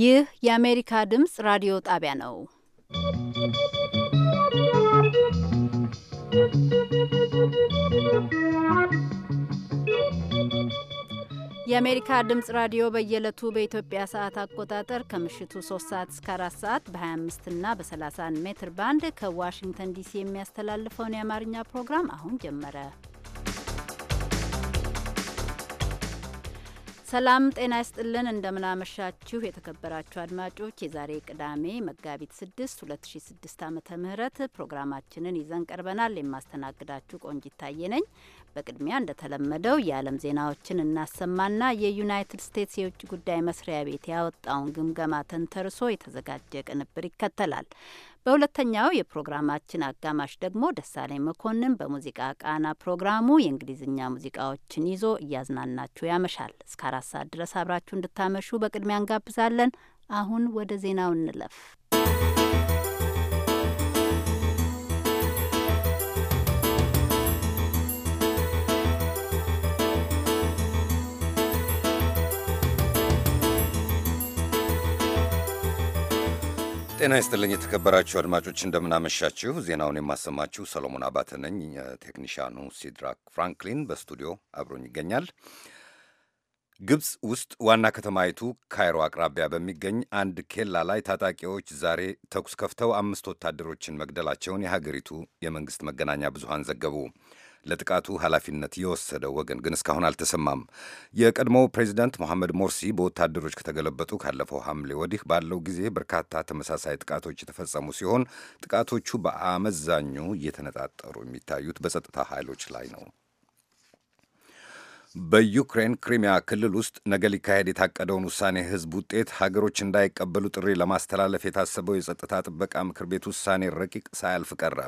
ይህ የአሜሪካ ድምፅ ራዲዮ ጣቢያ ነው። የአሜሪካ ድምፅ ራዲዮ በየዕለቱ በኢትዮጵያ ሰዓት አቆጣጠር ከምሽቱ 3 ሰዓት እስከ 4 ሰዓት በ25 እና በ31 ሜትር ባንድ ከዋሽንግተን ዲሲ የሚያስተላልፈውን የአማርኛ ፕሮግራም አሁን ጀመረ። ሰላም ጤና ይስጥልን። እንደምናመሻችሁ የተከበራችሁ አድማጮች የዛሬ ቅዳሜ መጋቢት 6 2006 ዓ ም ፕሮግራማችንን ይዘን ቀርበናል። የማስተናግዳችሁ ቆንጅ ይታየ ነኝ። በቅድሚያ እንደተለመደው የዓለም ዜናዎችን እናሰማና የዩናይትድ ስቴትስ የውጭ ጉዳይ መስሪያ ቤት ያወጣውን ግምገማ ተንተርሶ የተዘጋጀ ቅንብር ይከተላል። በሁለተኛው የፕሮግራማችን አጋማሽ ደግሞ ደሳለኝ መኮንን በሙዚቃ ቃና ፕሮግራሙ የእንግሊዝኛ ሙዚቃዎችን ይዞ እያዝናናችሁ ያመሻል። እስከ አራት ሰዓት ድረስ አብራችሁ እንድታመሹ በቅድሚያ እንጋብዛለን። አሁን ወደ ዜናው እንለፍ። ጤና ይስጥልኝ የተከበራችሁ አድማጮች፣ እንደምናመሻችሁ። ዜናውን የማሰማችሁ ሰሎሞን አባተ ነኝ። ቴክኒሻኑ ሲድራክ ፍራንክሊን በስቱዲዮ አብሮኝ ይገኛል። ግብፅ ውስጥ ዋና ከተማይቱ ካይሮ አቅራቢያ በሚገኝ አንድ ኬላ ላይ ታጣቂዎች ዛሬ ተኩስ ከፍተው አምስት ወታደሮችን መግደላቸውን የሀገሪቱ የመንግሥት መገናኛ ብዙሃን ዘገቡ። ለጥቃቱ ኃላፊነት የወሰደ ወገን ግን እስካሁን አልተሰማም። የቀድሞው ፕሬዚዳንት መሐመድ ሞርሲ በወታደሮች ከተገለበጡ ካለፈው ሐምሌ ወዲህ ባለው ጊዜ በርካታ ተመሳሳይ ጥቃቶች የተፈጸሙ ሲሆን ጥቃቶቹ በአመዛኙ እየተነጣጠሩ የሚታዩት በጸጥታ ኃይሎች ላይ ነው። በዩክሬን ክሪሚያ ክልል ውስጥ ነገ ሊካሄድ የታቀደውን ውሳኔ ህዝብ ውጤት ሀገሮች እንዳይቀበሉ ጥሪ ለማስተላለፍ የታሰበው የጸጥታ ጥበቃ ምክር ቤት ውሳኔ ረቂቅ ሳያልፍ ቀረ።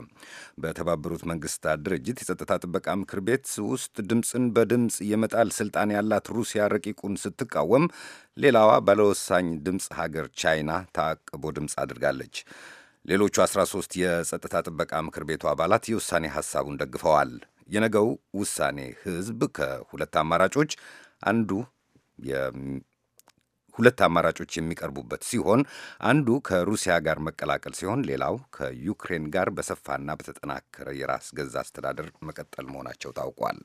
በተባበሩት መንግስታት ድርጅት የጸጥታ ጥበቃ ምክር ቤት ውስጥ ድምፅን በድምፅ የመጣል ስልጣን ያላት ሩሲያ ረቂቁን ስትቃወም፣ ሌላዋ ባለወሳኝ ድምፅ ሀገር ቻይና ታቅቦ ድምፅ አድርጋለች። ሌሎቹ 13 የጸጥታ ጥበቃ ምክር ቤቱ አባላት የውሳኔ ሐሳቡን ደግፈዋል። የነገው ውሳኔ ህዝብ ከሁለት አማራጮች አንዱ ሁለት አማራጮች የሚቀርቡበት ሲሆን አንዱ ከሩሲያ ጋር መቀላቀል ሲሆን ሌላው ከዩክሬን ጋር በሰፋና በተጠናከረ የራስ ገዛ አስተዳደር መቀጠል መሆናቸው ታውቋል።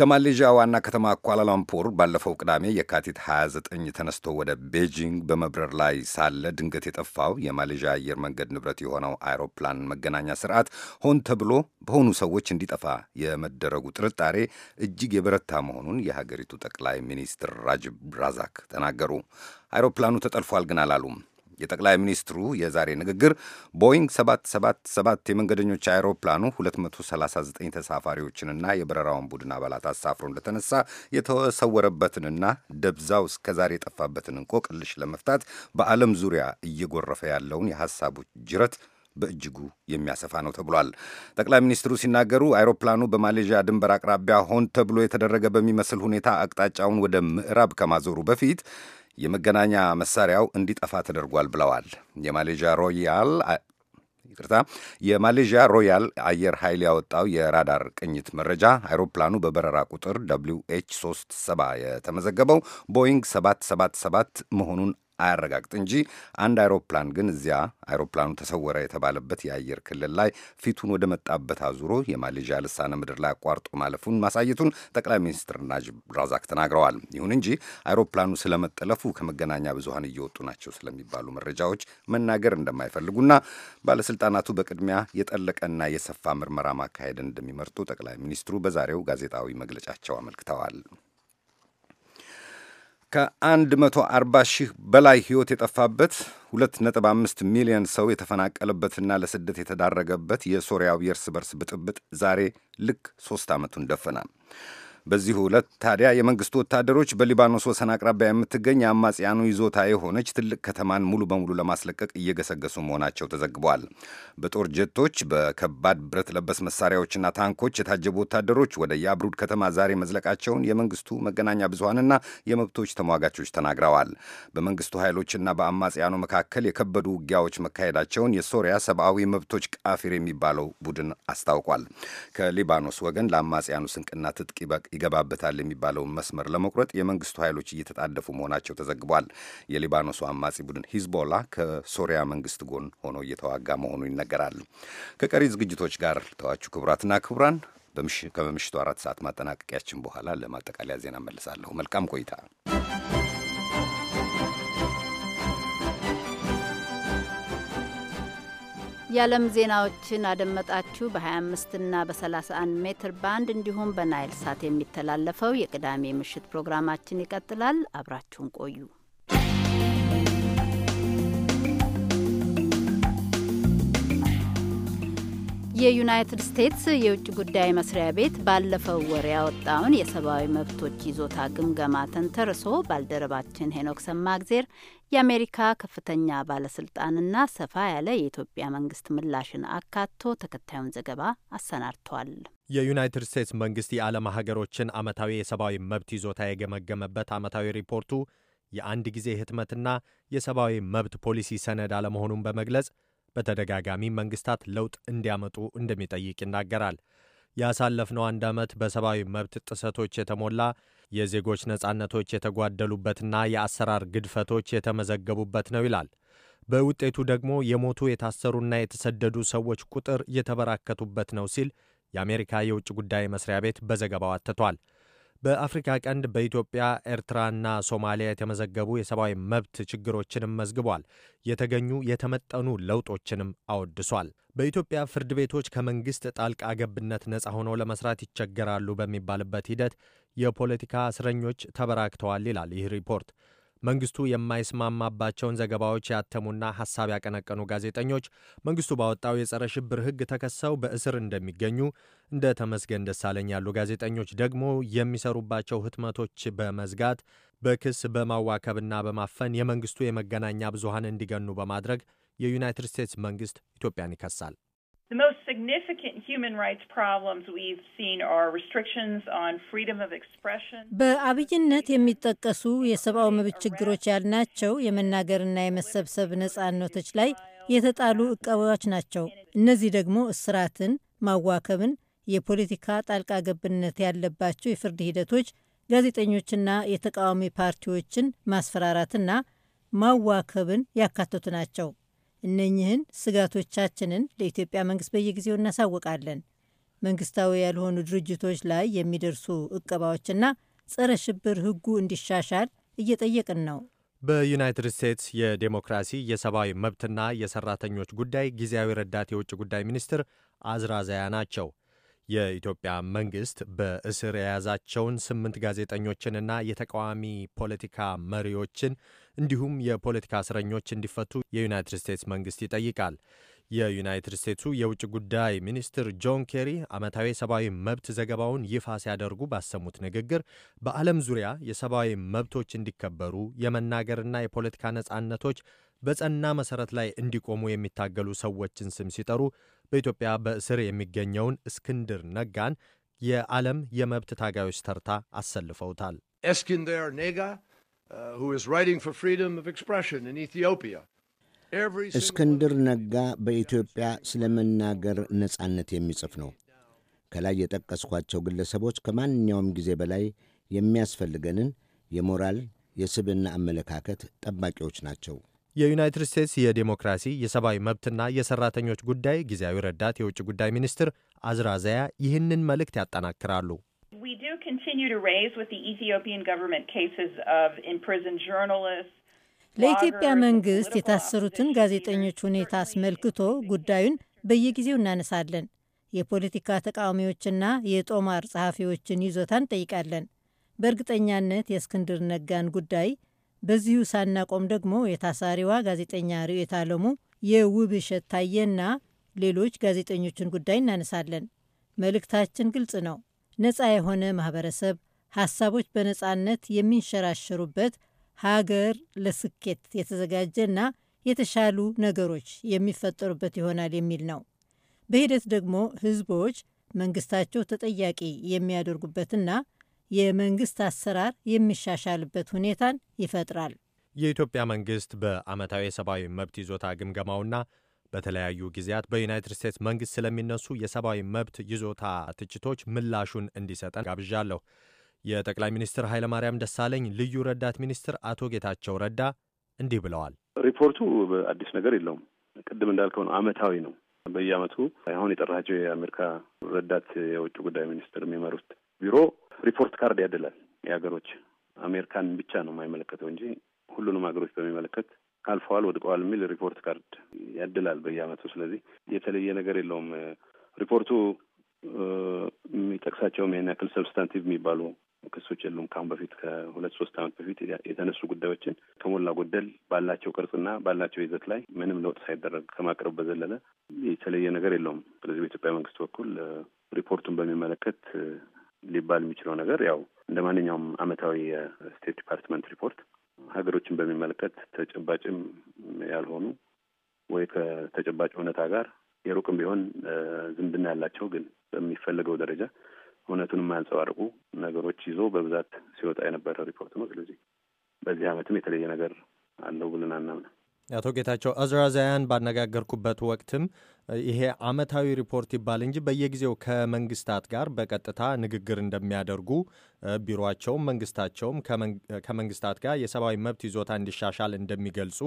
ከማሌዥያ ዋና ከተማ ኳላላምፑር ባለፈው ቅዳሜ የካቲት 29 ተነስቶ ወደ ቤጂንግ በመብረር ላይ ሳለ ድንገት የጠፋው የማሌዥያ አየር መንገድ ንብረት የሆነው አይሮፕላን መገናኛ ስርዓት ሆን ተብሎ በሆኑ ሰዎች እንዲጠፋ የመደረጉ ጥርጣሬ እጅግ የበረታ መሆኑን የሀገሪቱ ጠቅላይ ሚኒስትር ራጅብ ራዛክ ተናገሩ። አይሮፕላኑ ተጠልፏል ግን አላሉም። የጠቅላይ ሚኒስትሩ የዛሬ ንግግር ቦይንግ 777 የመንገደኞች አውሮፕላኑ 239 ተሳፋሪዎችንና የበረራውን ቡድን አባላት አሳፍሮ እንደተነሳ የተሰወረበትንና ደብዛው እስከዛሬ የጠፋበትን እንቆቅልሽ ለመፍታት በዓለም ዙሪያ እየጎረፈ ያለውን የሀሳቡ ጅረት በእጅጉ የሚያሰፋ ነው ተብሏል። ጠቅላይ ሚኒስትሩ ሲናገሩ አይሮፕላኑ በማሌዥያ ድንበር አቅራቢያ ሆን ተብሎ የተደረገ በሚመስል ሁኔታ አቅጣጫውን ወደ ምዕራብ ከማዞሩ በፊት የመገናኛ መሳሪያው እንዲጠፋ ተደርጓል ብለዋል። የማሌዥያ ሮያል ይቅርታ፣ የማሌዥያ ሮያል አየር ኃይል ያወጣው የራዳር ቅኝት መረጃ አይሮፕላኑ በበረራ ቁጥር ደብሊው ኤች 370 የተመዘገበው ቦይንግ 777 መሆኑን አያረጋግጥ እንጂ አንድ አይሮፕላን ግን እዚያ አይሮፕላኑ ተሰወረ የተባለበት የአየር ክልል ላይ ፊቱን ወደ መጣበት አዙሮ የማሌዥያ ልሳነ ምድር ላይ አቋርጦ ማለፉን ማሳየቱን ጠቅላይ ሚኒስትር ናጅብ ራዛክ ተናግረዋል። ይሁን እንጂ አይሮፕላኑ ስለመጠለፉ ከመገናኛ ብዙሀን እየወጡ ናቸው ስለሚባሉ መረጃዎች መናገር እንደማይፈልጉና ባለስልጣናቱ በቅድሚያ የጠለቀና የሰፋ ምርመራ ማካሄድ እንደሚመርጡ ጠቅላይ ሚኒስትሩ በዛሬው ጋዜጣዊ መግለጫቸው አመልክተዋል። ከ140 ሺህ በላይ ህይወት የጠፋበት 2.5 ሚሊዮን ሰው የተፈናቀለበትና ለስደት የተዳረገበት የሶሪያው የእርስ በርስ ብጥብጥ ዛሬ ልክ ሶስት ዓመቱን ደፈና። በዚሁ ዕለት ታዲያ የመንግስቱ ወታደሮች በሊባኖስ ወሰን አቅራቢያ የምትገኝ የአማጽያኑ ይዞታ የሆነች ትልቅ ከተማን ሙሉ በሙሉ ለማስለቀቅ እየገሰገሱ መሆናቸው ተዘግቧል። በጦር ጀቶች፣ በከባድ ብረት ለበስ መሳሪያዎችና ታንኮች የታጀቡ ወታደሮች ወደ የአብሩድ ከተማ ዛሬ መዝለቃቸውን የመንግስቱ መገናኛ ብዙሃንና የመብቶች ተሟጋቾች ተናግረዋል። በመንግስቱ ኃይሎችና በአማጽያኑ መካከል የከበዱ ውጊያዎች መካሄዳቸውን የሶሪያ ሰብአዊ መብቶች ቃፊር የሚባለው ቡድን አስታውቋል። ከሊባኖስ ወገን ለአማጽያኑ ስንቅና ትጥቅ ይገባበታል የሚባለውን መስመር ለመቁረጥ የመንግስቱ ኃይሎች እየተጣደፉ መሆናቸው ተዘግቧል። የሊባኖሱ አማጺ ቡድን ሂዝቦላ ከሶሪያ መንግስት ጎን ሆኖ እየተዋጋ መሆኑ ይነገራል። ከቀሪ ዝግጅቶች ጋር ተዋችሁ ክቡራትና ክቡራን ከምሽቱ አራት ሰዓት ማጠናቀቂያችን በኋላ ለማጠቃለያ ዜና መልሳለሁ። መልካም ቆይታ። የዓለም ዜናዎችን አደመጣችሁ። በ25 እና በ31 ሜትር ባንድ እንዲሁም በናይል ሳት የሚተላለፈው የቅዳሜ ምሽት ፕሮግራማችን ይቀጥላል። አብራችሁን ቆዩ። የዩናይትድ ስቴትስ የውጭ ጉዳይ መስሪያ ቤት ባለፈው ወር ያወጣውን የሰብአዊ መብቶች ይዞታ ግምገማ ተንተርሶ ባልደረባችን ሄኖክ ሰማግዜር የአሜሪካ ከፍተኛ ባለስልጣንና ሰፋ ያለ የኢትዮጵያ መንግስት ምላሽን አካቶ ተከታዩን ዘገባ አሰናድቷል። የዩናይትድ ስቴትስ መንግስት የዓለም ሀገሮችን ዓመታዊ የሰብአዊ መብት ይዞታ የገመገመበት ዓመታዊ ሪፖርቱ የአንድ ጊዜ ህትመትና የሰብአዊ መብት ፖሊሲ ሰነድ አለመሆኑን በመግለጽ በተደጋጋሚ መንግስታት ለውጥ እንዲያመጡ እንደሚጠይቅ ይናገራል። ያሳለፍነው አንድ ዓመት በሰብአዊ መብት ጥሰቶች የተሞላ የዜጎች ነጻነቶች የተጓደሉበትና የአሰራር ግድፈቶች የተመዘገቡበት ነው ይላል። በውጤቱ ደግሞ የሞቱ የታሰሩና የተሰደዱ ሰዎች ቁጥር የተበራከቱበት ነው ሲል የአሜሪካ የውጭ ጉዳይ መስሪያ ቤት በዘገባው አትቷል። በአፍሪካ ቀንድ በኢትዮጵያ ኤርትራና ሶማሊያ የተመዘገቡ የሰብአዊ መብት ችግሮችንም መዝግቧል። የተገኙ የተመጠኑ ለውጦችንም አወድሷል። በኢትዮጵያ ፍርድ ቤቶች ከመንግሥት ጣልቃ ገብነት ነፃ ሆነው ለመስራት ይቸገራሉ በሚባልበት ሂደት የፖለቲካ እስረኞች ተበራክተዋል ይላል ይህ ሪፖርት። መንግስቱ የማይስማማባቸውን ዘገባዎች ያተሙና ሐሳብ ያቀነቀኑ ጋዜጠኞች መንግስቱ ባወጣው የጸረ ሽብር ሕግ ተከሰው በእስር እንደሚገኙ፣ እንደ ተመስገን ደሳለኝ ያሉ ጋዜጠኞች ደግሞ የሚሰሩባቸው ህትመቶች በመዝጋት በክስ በማዋከብና በማፈን የመንግስቱ የመገናኛ ብዙሃን እንዲገኑ በማድረግ የዩናይትድ ስቴትስ መንግስት ኢትዮጵያን ይከሳል። The most significant human rights problems we've seen are restrictions on freedom of expression. በአብይነት የሚጠቀሱ የሰብአዊ መብት ችግሮች ያልናቸው የመናገርና የመሰብሰብ ነጻነቶች ላይ የተጣሉ እቀባዎች ናቸው። እነዚህ ደግሞ እስራትን፣ ማዋከብን፣ የፖለቲካ ጣልቃ ገብነት ያለባቸው የፍርድ ሂደቶች፣ ጋዜጠኞችና የተቃዋሚ ፓርቲዎችን ማስፈራራትና ማዋከብን ያካተቱ ናቸው። እነኝህን ስጋቶቻችንን ለኢትዮጵያ መንግስት በየጊዜው እናሳውቃለን። መንግስታዊ ያልሆኑ ድርጅቶች ላይ የሚደርሱ እቀባዎችና ጸረ ሽብር ህጉ እንዲሻሻል እየጠየቅን ነው። በዩናይትድ ስቴትስ የዴሞክራሲ የሰብአዊ መብትና የሰራተኞች ጉዳይ ጊዜያዊ ረዳት የውጭ ጉዳይ ሚኒስትር አዝራዛያ ናቸው። የኢትዮጵያ መንግስት በእስር የያዛቸውን ስምንት ጋዜጠኞችንና የተቃዋሚ ፖለቲካ መሪዎችን እንዲሁም የፖለቲካ እስረኞች እንዲፈቱ የዩናይትድ ስቴትስ መንግስት ይጠይቃል። የዩናይትድ ስቴትሱ የውጭ ጉዳይ ሚኒስትር ጆን ኬሪ ዓመታዊ ሰብአዊ መብት ዘገባውን ይፋ ሲያደርጉ ባሰሙት ንግግር በዓለም ዙሪያ የሰብአዊ መብቶች እንዲከበሩ የመናገርና የፖለቲካ ነጻነቶች በጸና መሠረት ላይ እንዲቆሙ የሚታገሉ ሰዎችን ስም ሲጠሩ በኢትዮጵያ በእስር የሚገኘውን እስክንድር ነጋን የዓለም የመብት ታጋዮች ተርታ አሰልፈውታል። እስክንድር ነጋ uh, who is writing for እስክንድር ነጋ በኢትዮጵያ ስለ መናገር ነጻነት የሚጽፍ ነው። ከላይ የጠቀስኳቸው ግለሰቦች ከማንኛውም ጊዜ በላይ የሚያስፈልገንን የሞራል የስብና አመለካከት ጠባቂዎች ናቸው። የዩናይትድ ስቴትስ የዴሞክራሲ የሰብአዊ መብትና የሰራተኞች ጉዳይ ጊዜያዊ ረዳት የውጭ ጉዳይ ሚኒስትር አዝራዛያ ይህንን መልእክት ያጠናክራሉ። We do continue to raise with the Ethiopian government cases of imprisoned journalists. ለኢትዮጵያ መንግስት የታሰሩትን ጋዜጠኞች ሁኔታ አስመልክቶ ጉዳዩን በየጊዜው እናነሳለን። የፖለቲካ ተቃዋሚዎችና የጦማር ጸሐፊዎችን ይዞታ እንጠይቃለን። በእርግጠኛነት የእስክንድር ነጋን ጉዳይ በዚሁ ሳናቆም ደግሞ የታሳሪዋ ጋዜጠኛ ርዕዮት አለሙ፣ የውብሸት ታየና ሌሎች ጋዜጠኞችን ጉዳይ እናነሳለን። መልእክታችን ግልጽ ነው። ነፃ የሆነ ማህበረሰብ ሀሳቦች በነፃነት የሚንሸራሸሩበት ሀገር ለስኬት የተዘጋጀና የተሻሉ ነገሮች የሚፈጠሩበት ይሆናል የሚል ነው። በሂደት ደግሞ ህዝቦች መንግስታቸው ተጠያቂ የሚያደርጉበትና የመንግስት አሰራር የሚሻሻልበት ሁኔታን ይፈጥራል። የኢትዮጵያ መንግስት በዓመታዊ የሰብአዊ መብት ይዞታ ግምገማውና በተለያዩ ጊዜያት በዩናይትድ ስቴትስ መንግስት ስለሚነሱ የሰብአዊ መብት ይዞታ ትችቶች ምላሹን እንዲሰጠን ጋብዣለሁ። የጠቅላይ ሚኒስትር ኃይለማርያም ደሳለኝ ልዩ ረዳት ሚኒስትር አቶ ጌታቸው ረዳ እንዲህ ብለዋል። ሪፖርቱ አዲስ ነገር የለውም። ቅድም እንዳልከው ነው፣ አመታዊ ነው። በየአመቱ አሁን የጠራቸው የአሜሪካ ረዳት የውጭ ጉዳይ ሚኒስትር የሚመሩት ቢሮ ሪፖርት ካርድ ያደላል። የሀገሮች አሜሪካን ብቻ ነው የማይመለከተው እንጂ ሁሉንም ሀገሮች በሚመለከት አልፈዋል፣ ወድቀዋል የሚል ሪፖርት ካርድ ያድላል በየአመቱ። ስለዚህ የተለየ ነገር የለውም ሪፖርቱ የሚጠቅሳቸውም ይህን ያክል ሰብስታንቲቭ የሚባሉ ክሶች የሉም። ከአሁን በፊት ከሁለት ሶስት ዓመት በፊት የተነሱ ጉዳዮችን ከሞላ ጎደል ባላቸው ቅርጽና ባላቸው ይዘት ላይ ምንም ለውጥ ሳይደረግ ከማቅረብ በዘለለ የተለየ ነገር የለውም። ስለዚህ በኢትዮጵያ መንግስት በኩል ሪፖርቱን በሚመለከት ሊባል የሚችለው ነገር ያው እንደ ማንኛውም ዓመታዊ የስቴት ዲፓርትመንት ሪፖርት ሀገሮችን በሚመለከት ተጨባጭም ያልሆኑ ወይ ከተጨባጭ እውነታ ጋር የሩቅም ቢሆን ዝምድና ያላቸው ግን በሚፈለገው ደረጃ እውነቱን የማያንጸባርቁ ነገሮች ይዞ በብዛት ሲወጣ የነበረ ሪፖርት ነው። ስለዚህ በዚህ ዓመትም የተለየ ነገር አለው ብለን አናምንም። አቶ ጌታቸው አዝራዛያን ባነጋገርኩበት ወቅትም ይሄ ዓመታዊ ሪፖርት ይባል እንጂ በየጊዜው ከመንግስታት ጋር በቀጥታ ንግግር እንደሚያደርጉ ቢሮቸውም መንግስታቸውም ከመንግስታት ጋር የሰብአዊ መብት ይዞታ እንዲሻሻል እንደሚገልጹ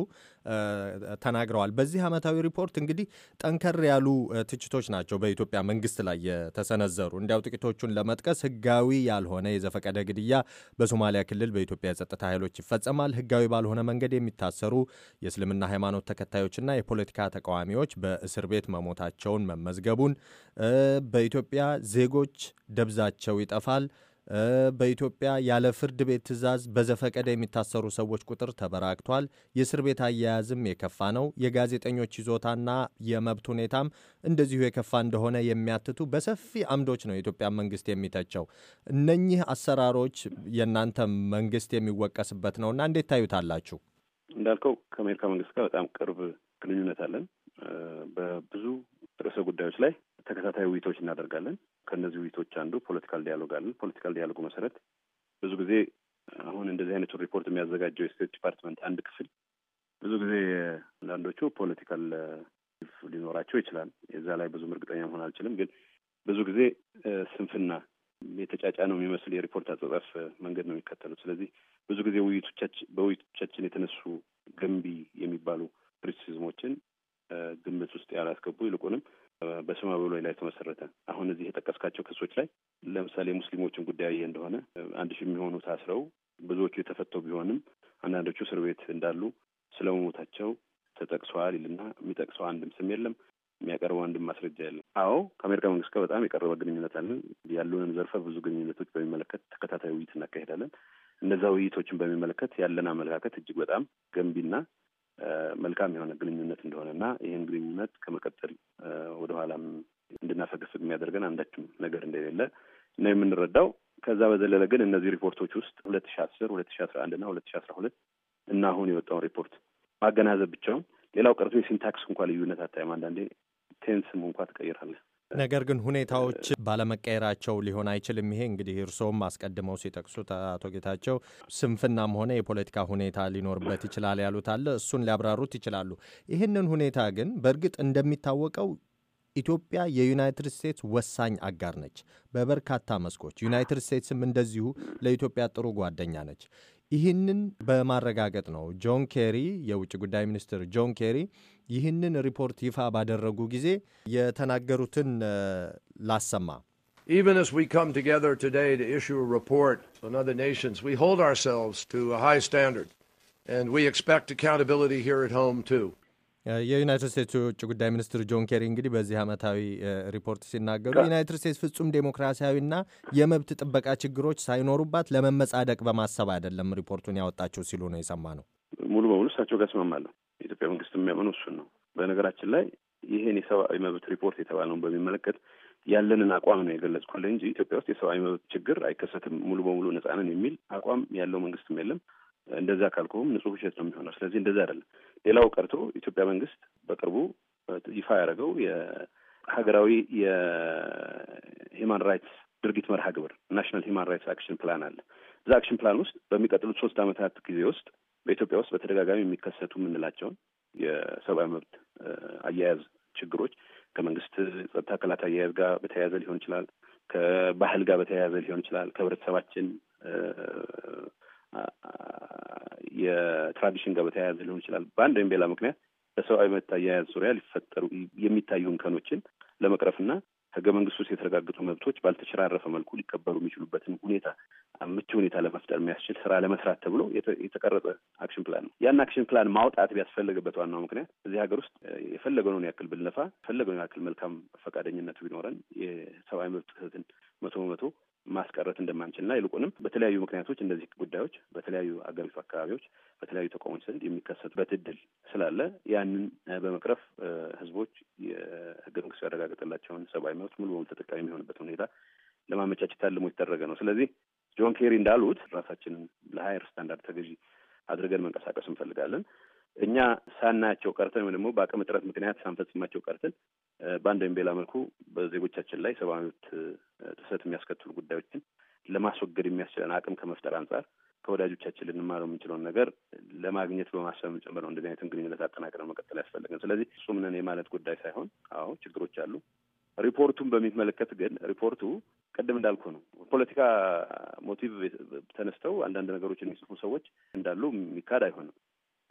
ተናግረዋል። በዚህ ዓመታዊ ሪፖርት እንግዲህ ጠንከር ያሉ ትችቶች ናቸው በኢትዮጵያ መንግስት ላይ የተሰነዘሩ። እንዲያው ጥቂቶቹን ለመጥቀስ ህጋዊ ያልሆነ የዘፈቀደ ግድያ በሶማሊያ ክልል በኢትዮጵያ የጸጥታ ኃይሎች ይፈጸማል። ህጋዊ ባልሆነ መንገድ የሚታሰሩ የእስልምና ሃይማኖት ተከታዮችና የፖለቲካ ተቃዋሚዎች በእስር ቤት መሞታቸውን መመዝገቡን በኢትዮጵያ ዜጎች ደብዛቸው ይጠፋል በኢትዮጵያ ያለ ፍርድ ቤት ትዕዛዝ በዘፈቀደ የሚታሰሩ ሰዎች ቁጥር ተበራክቷል። የእስር ቤት አያያዝም የከፋ ነው። የጋዜጠኞች ይዞታና የመብት ሁኔታም እንደዚሁ የከፋ እንደሆነ የሚያትቱ በሰፊ አምዶች ነው የኢትዮጵያ መንግስት የሚተቸው። እነኚህ አሰራሮች የእናንተ መንግስት የሚወቀስበት ነው እና እንዴት ታዩታላችሁ? እንዳልከው ከአሜሪካ መንግስት ጋር በጣም ቅርብ ግንኙነት አለን። በብዙ ርዕሰ ጉዳዮች ላይ ተከታታይ ውይይቶች እናደርጋለን። ከእነዚህ ውይይቶች አንዱ ፖለቲካል ዲያሎግ አለን። ፖለቲካል ዲያሎጉ መሰረት ብዙ ጊዜ አሁን እንደዚህ አይነቱን ሪፖርት የሚያዘጋጀው የስቴት ዲፓርትመንት አንድ ክፍል ብዙ ጊዜ አንዳንዶቹ ፖለቲካል ሊኖራቸው ይችላል። የዛ ላይ ብዙም እርግጠኛ መሆን አልችልም። ግን ብዙ ጊዜ ስንፍና የተጫጫ ነው የሚመስል የሪፖርት አጸጻፍ መንገድ ነው የሚከተሉት። ስለዚህ ብዙ ጊዜ በውይይቶቻችን የተነሱ ገንቢ የሚባሉ ክሪቲሲዝሞችን ግምት ውስጥ ያላስገቡ ይልቁንም በስመ ላይ ተመሰረተ። አሁን እዚህ የጠቀስካቸው ክሶች ላይ ለምሳሌ ሙስሊሞችን ጉዳይ እንደሆነ አንድ ሺህ የሚሆኑ ታስረው ብዙዎቹ የተፈተው ቢሆንም አንዳንዶቹ እስር ቤት እንዳሉ ስለ መሞታቸው ተጠቅሰዋል ይልና የሚጠቅሰው አንድም ስም የለም፣ የሚያቀርበው አንድም ማስረጃ የለም። አዎ ከአሜሪካ መንግስት ጋር በጣም የቀረበ ግንኙነት አለን። ያሉንን ዘርፈ ብዙ ግንኙነቶች በሚመለከት ተከታታይ ውይይት እናካሄዳለን። እነዛ ውይይቶችን በሚመለከት ያለን አመለካከት እጅግ በጣም ገንቢና መልካም የሆነ ግንኙነት እንደሆነና ይህን ግንኙነት ከመቀጠል ወደኋላም እንድናፈገፍግ የሚያደርገን አንዳችም ነገር እንደሌለ ነው የምንረዳው። ከዛ በዘለለ ግን እነዚህ ሪፖርቶች ውስጥ ሁለት ሺ አስር ሁለት ሺ አስራ አንድ እና ሁለት ሺ አስራ ሁለት እና አሁን የወጣውን ሪፖርት ማገናዘብ ብቻውን ሌላው ቀርቶ የሲንታክስ እንኳ ልዩነት አታይም። አንዳንዴ ቴንስም እንኳ ትቀይራለህ። ነገር ግን ሁኔታዎች ባለመቀየራቸው ሊሆን አይችልም። ይሄ እንግዲህ እርስዎም አስቀድመው ሲጠቅሱት አቶ ጌታቸው ስንፍናም ሆነ የፖለቲካ ሁኔታ ሊኖርበት ይችላል ያሉት አለ። እሱን ሊያብራሩት ይችላሉ። ይህንን ሁኔታ ግን በእርግጥ እንደሚታወቀው ኢትዮጵያ የዩናይትድ ስቴትስ ወሳኝ አጋር ነች በበርካታ መስኮች። ዩናይትድ ስቴትስም እንደዚሁ ለኢትዮጵያ ጥሩ ጓደኛ ነች። ይህንን በማረጋገጥ ነው ጆን ኬሪ የውጭ ጉዳይ ሚኒስትር ጆን ኬሪ ይህንን ሪፖርት ይፋ ባደረጉ ጊዜ የተናገሩትን ላሰማ። Even as we come together today to issue a report on other nations, we hold ourselves to a high standard, and we expect accountability here at home too. የዩናይትድ ስቴትስ የውጭ ጉዳይ ሚኒስትር ጆን ኬሪ እንግዲህ በዚህ ዓመታዊ ሪፖርት ሲናገሩ ዩናይትድ ስቴትስ ፍጹም ዴሞክራሲያዊና የመብት ጥበቃ ችግሮች ሳይኖሩባት ለመመጻደቅ በማሰብ አይደለም ሪፖርቱን ያወጣችው ሲሉ ነው የሰማ ነው። ሙሉ በሙሉ እሳቸው ጋር እስማማለሁ። የኢትዮጵያ መንግስት የሚያምኑ እሱን ነው። በነገራችን ላይ ይሄን የሰብአዊ መብት ሪፖርት የተባለውን በሚመለከት ያለንን አቋም ነው የገለጽኩልህ እንጂ ኢትዮጵያ ውስጥ የሰብአዊ መብት ችግር አይከሰትም ሙሉ በሙሉ ነፃ ነን የሚል አቋም ያለው መንግስትም የለም። እንደዛ ካልኩም ንጹህ ውሸት ነው የሚሆነው። ስለዚህ እንደዛ አይደለም። ሌላው ቀርቶ ኢትዮጵያ መንግስት በቅርቡ ይፋ ያደረገው የሀገራዊ የሂማን ራይትስ ድርጊት መርሃ ግብር ናሽናል ሂማን ራይትስ አክሽን ፕላን አለ። እዛ አክሽን ፕላን ውስጥ በሚቀጥሉት ሶስት ዓመታት ጊዜ ውስጥ በኢትዮጵያ ውስጥ በተደጋጋሚ የሚከሰቱ የምንላቸውን የሰብአዊ መብት አያያዝ ችግሮች ከመንግስት ጸጥታ አካላት አያያዝ ጋር በተያያዘ ሊሆን ይችላል። ከባህል ጋር በተያያዘ ሊሆን ይችላል። ከህብረተሰባችን የትራዲሽን ጋር በተያያዘ ሊሆን ይችላል። በአንድ ወይም ሌላ ምክንያት በሰብአዊ መብት አያያዝ ዙሪያ ሊፈጠሩ የሚታዩ እንከኖችን ለመቅረፍና ህገ መንግስት ውስጥ የተረጋገጡ መብቶች ባልተሸራረፈ መልኩ ሊከበሩ የሚችሉበትን ሁኔታ ምቹ ሁኔታ ለመፍጠር የሚያስችል ስራ ለመስራት ተብሎ የተቀረጸ አክሽን ፕላን ነው። ያን አክሽን ፕላን ማውጣት ቢያስፈለገበት ዋናው ምክንያት እዚህ ሀገር ውስጥ የፈለገውን ያክል ብንለፋ የፈለገውን ያክል መልካም ፈቃደኝነቱ ቢኖረን የሰብአዊ መብት ጥሰትን መቶ በመቶ ማስቀረት እንደማንችልና ይልቁንም በተለያዩ ምክንያቶች እነዚህ ጉዳዮች በተለያዩ አገሪቱ አካባቢዎች በተለያዩ ተቋሞች ዘንድ የሚከሰቱበት እድል ስላለ ያንን በመቅረፍ ህዝቦች የህገ መንግስቱ ያረጋገጠላቸውን ሰብአዊ መብት ሙሉ በሙሉ ተጠቃሚ የሚሆንበት ሁኔታ ለማመቻቸት ታልሞ የተደረገ ነው። ስለዚህ ጆን ኬሪ እንዳሉት ራሳችንን ለሀይር ስታንዳርድ ተገዢ አድርገን መንቀሳቀስ እንፈልጋለን። እኛ ሳናያቸው ቀርተን ወይም ደግሞ በአቅም እጥረት ምክንያት ሳንፈጽማቸው ቀርተን በአንድ ወይም በሌላ መልኩ በዜጎቻችን ላይ ሰብአዊ መብት ጥሰት የሚያስከትሉ ጉዳዮችን ለማስወገድ የሚያስችለን አቅም ከመፍጠር አንጻር ከወዳጆቻችን ልንማረው የምንችለውን ነገር ለማግኘት በማሰብ ጭምር ነው እንደዚህ አይነትን ግንኙነት አጠናቅረን መቀጠል ያስፈልገን። ስለዚህ እሱም ነን የማለት ጉዳይ ሳይሆን፣ አዎ ችግሮች አሉ። ሪፖርቱን በሚመለከት ግን ሪፖርቱ ቅድም እንዳልኩ ነው ፖለቲካ ሞቲቭ ተነስተው አንዳንድ ነገሮች የሚጽፉ ሰዎች እንዳሉ የሚካድ አይሆንም።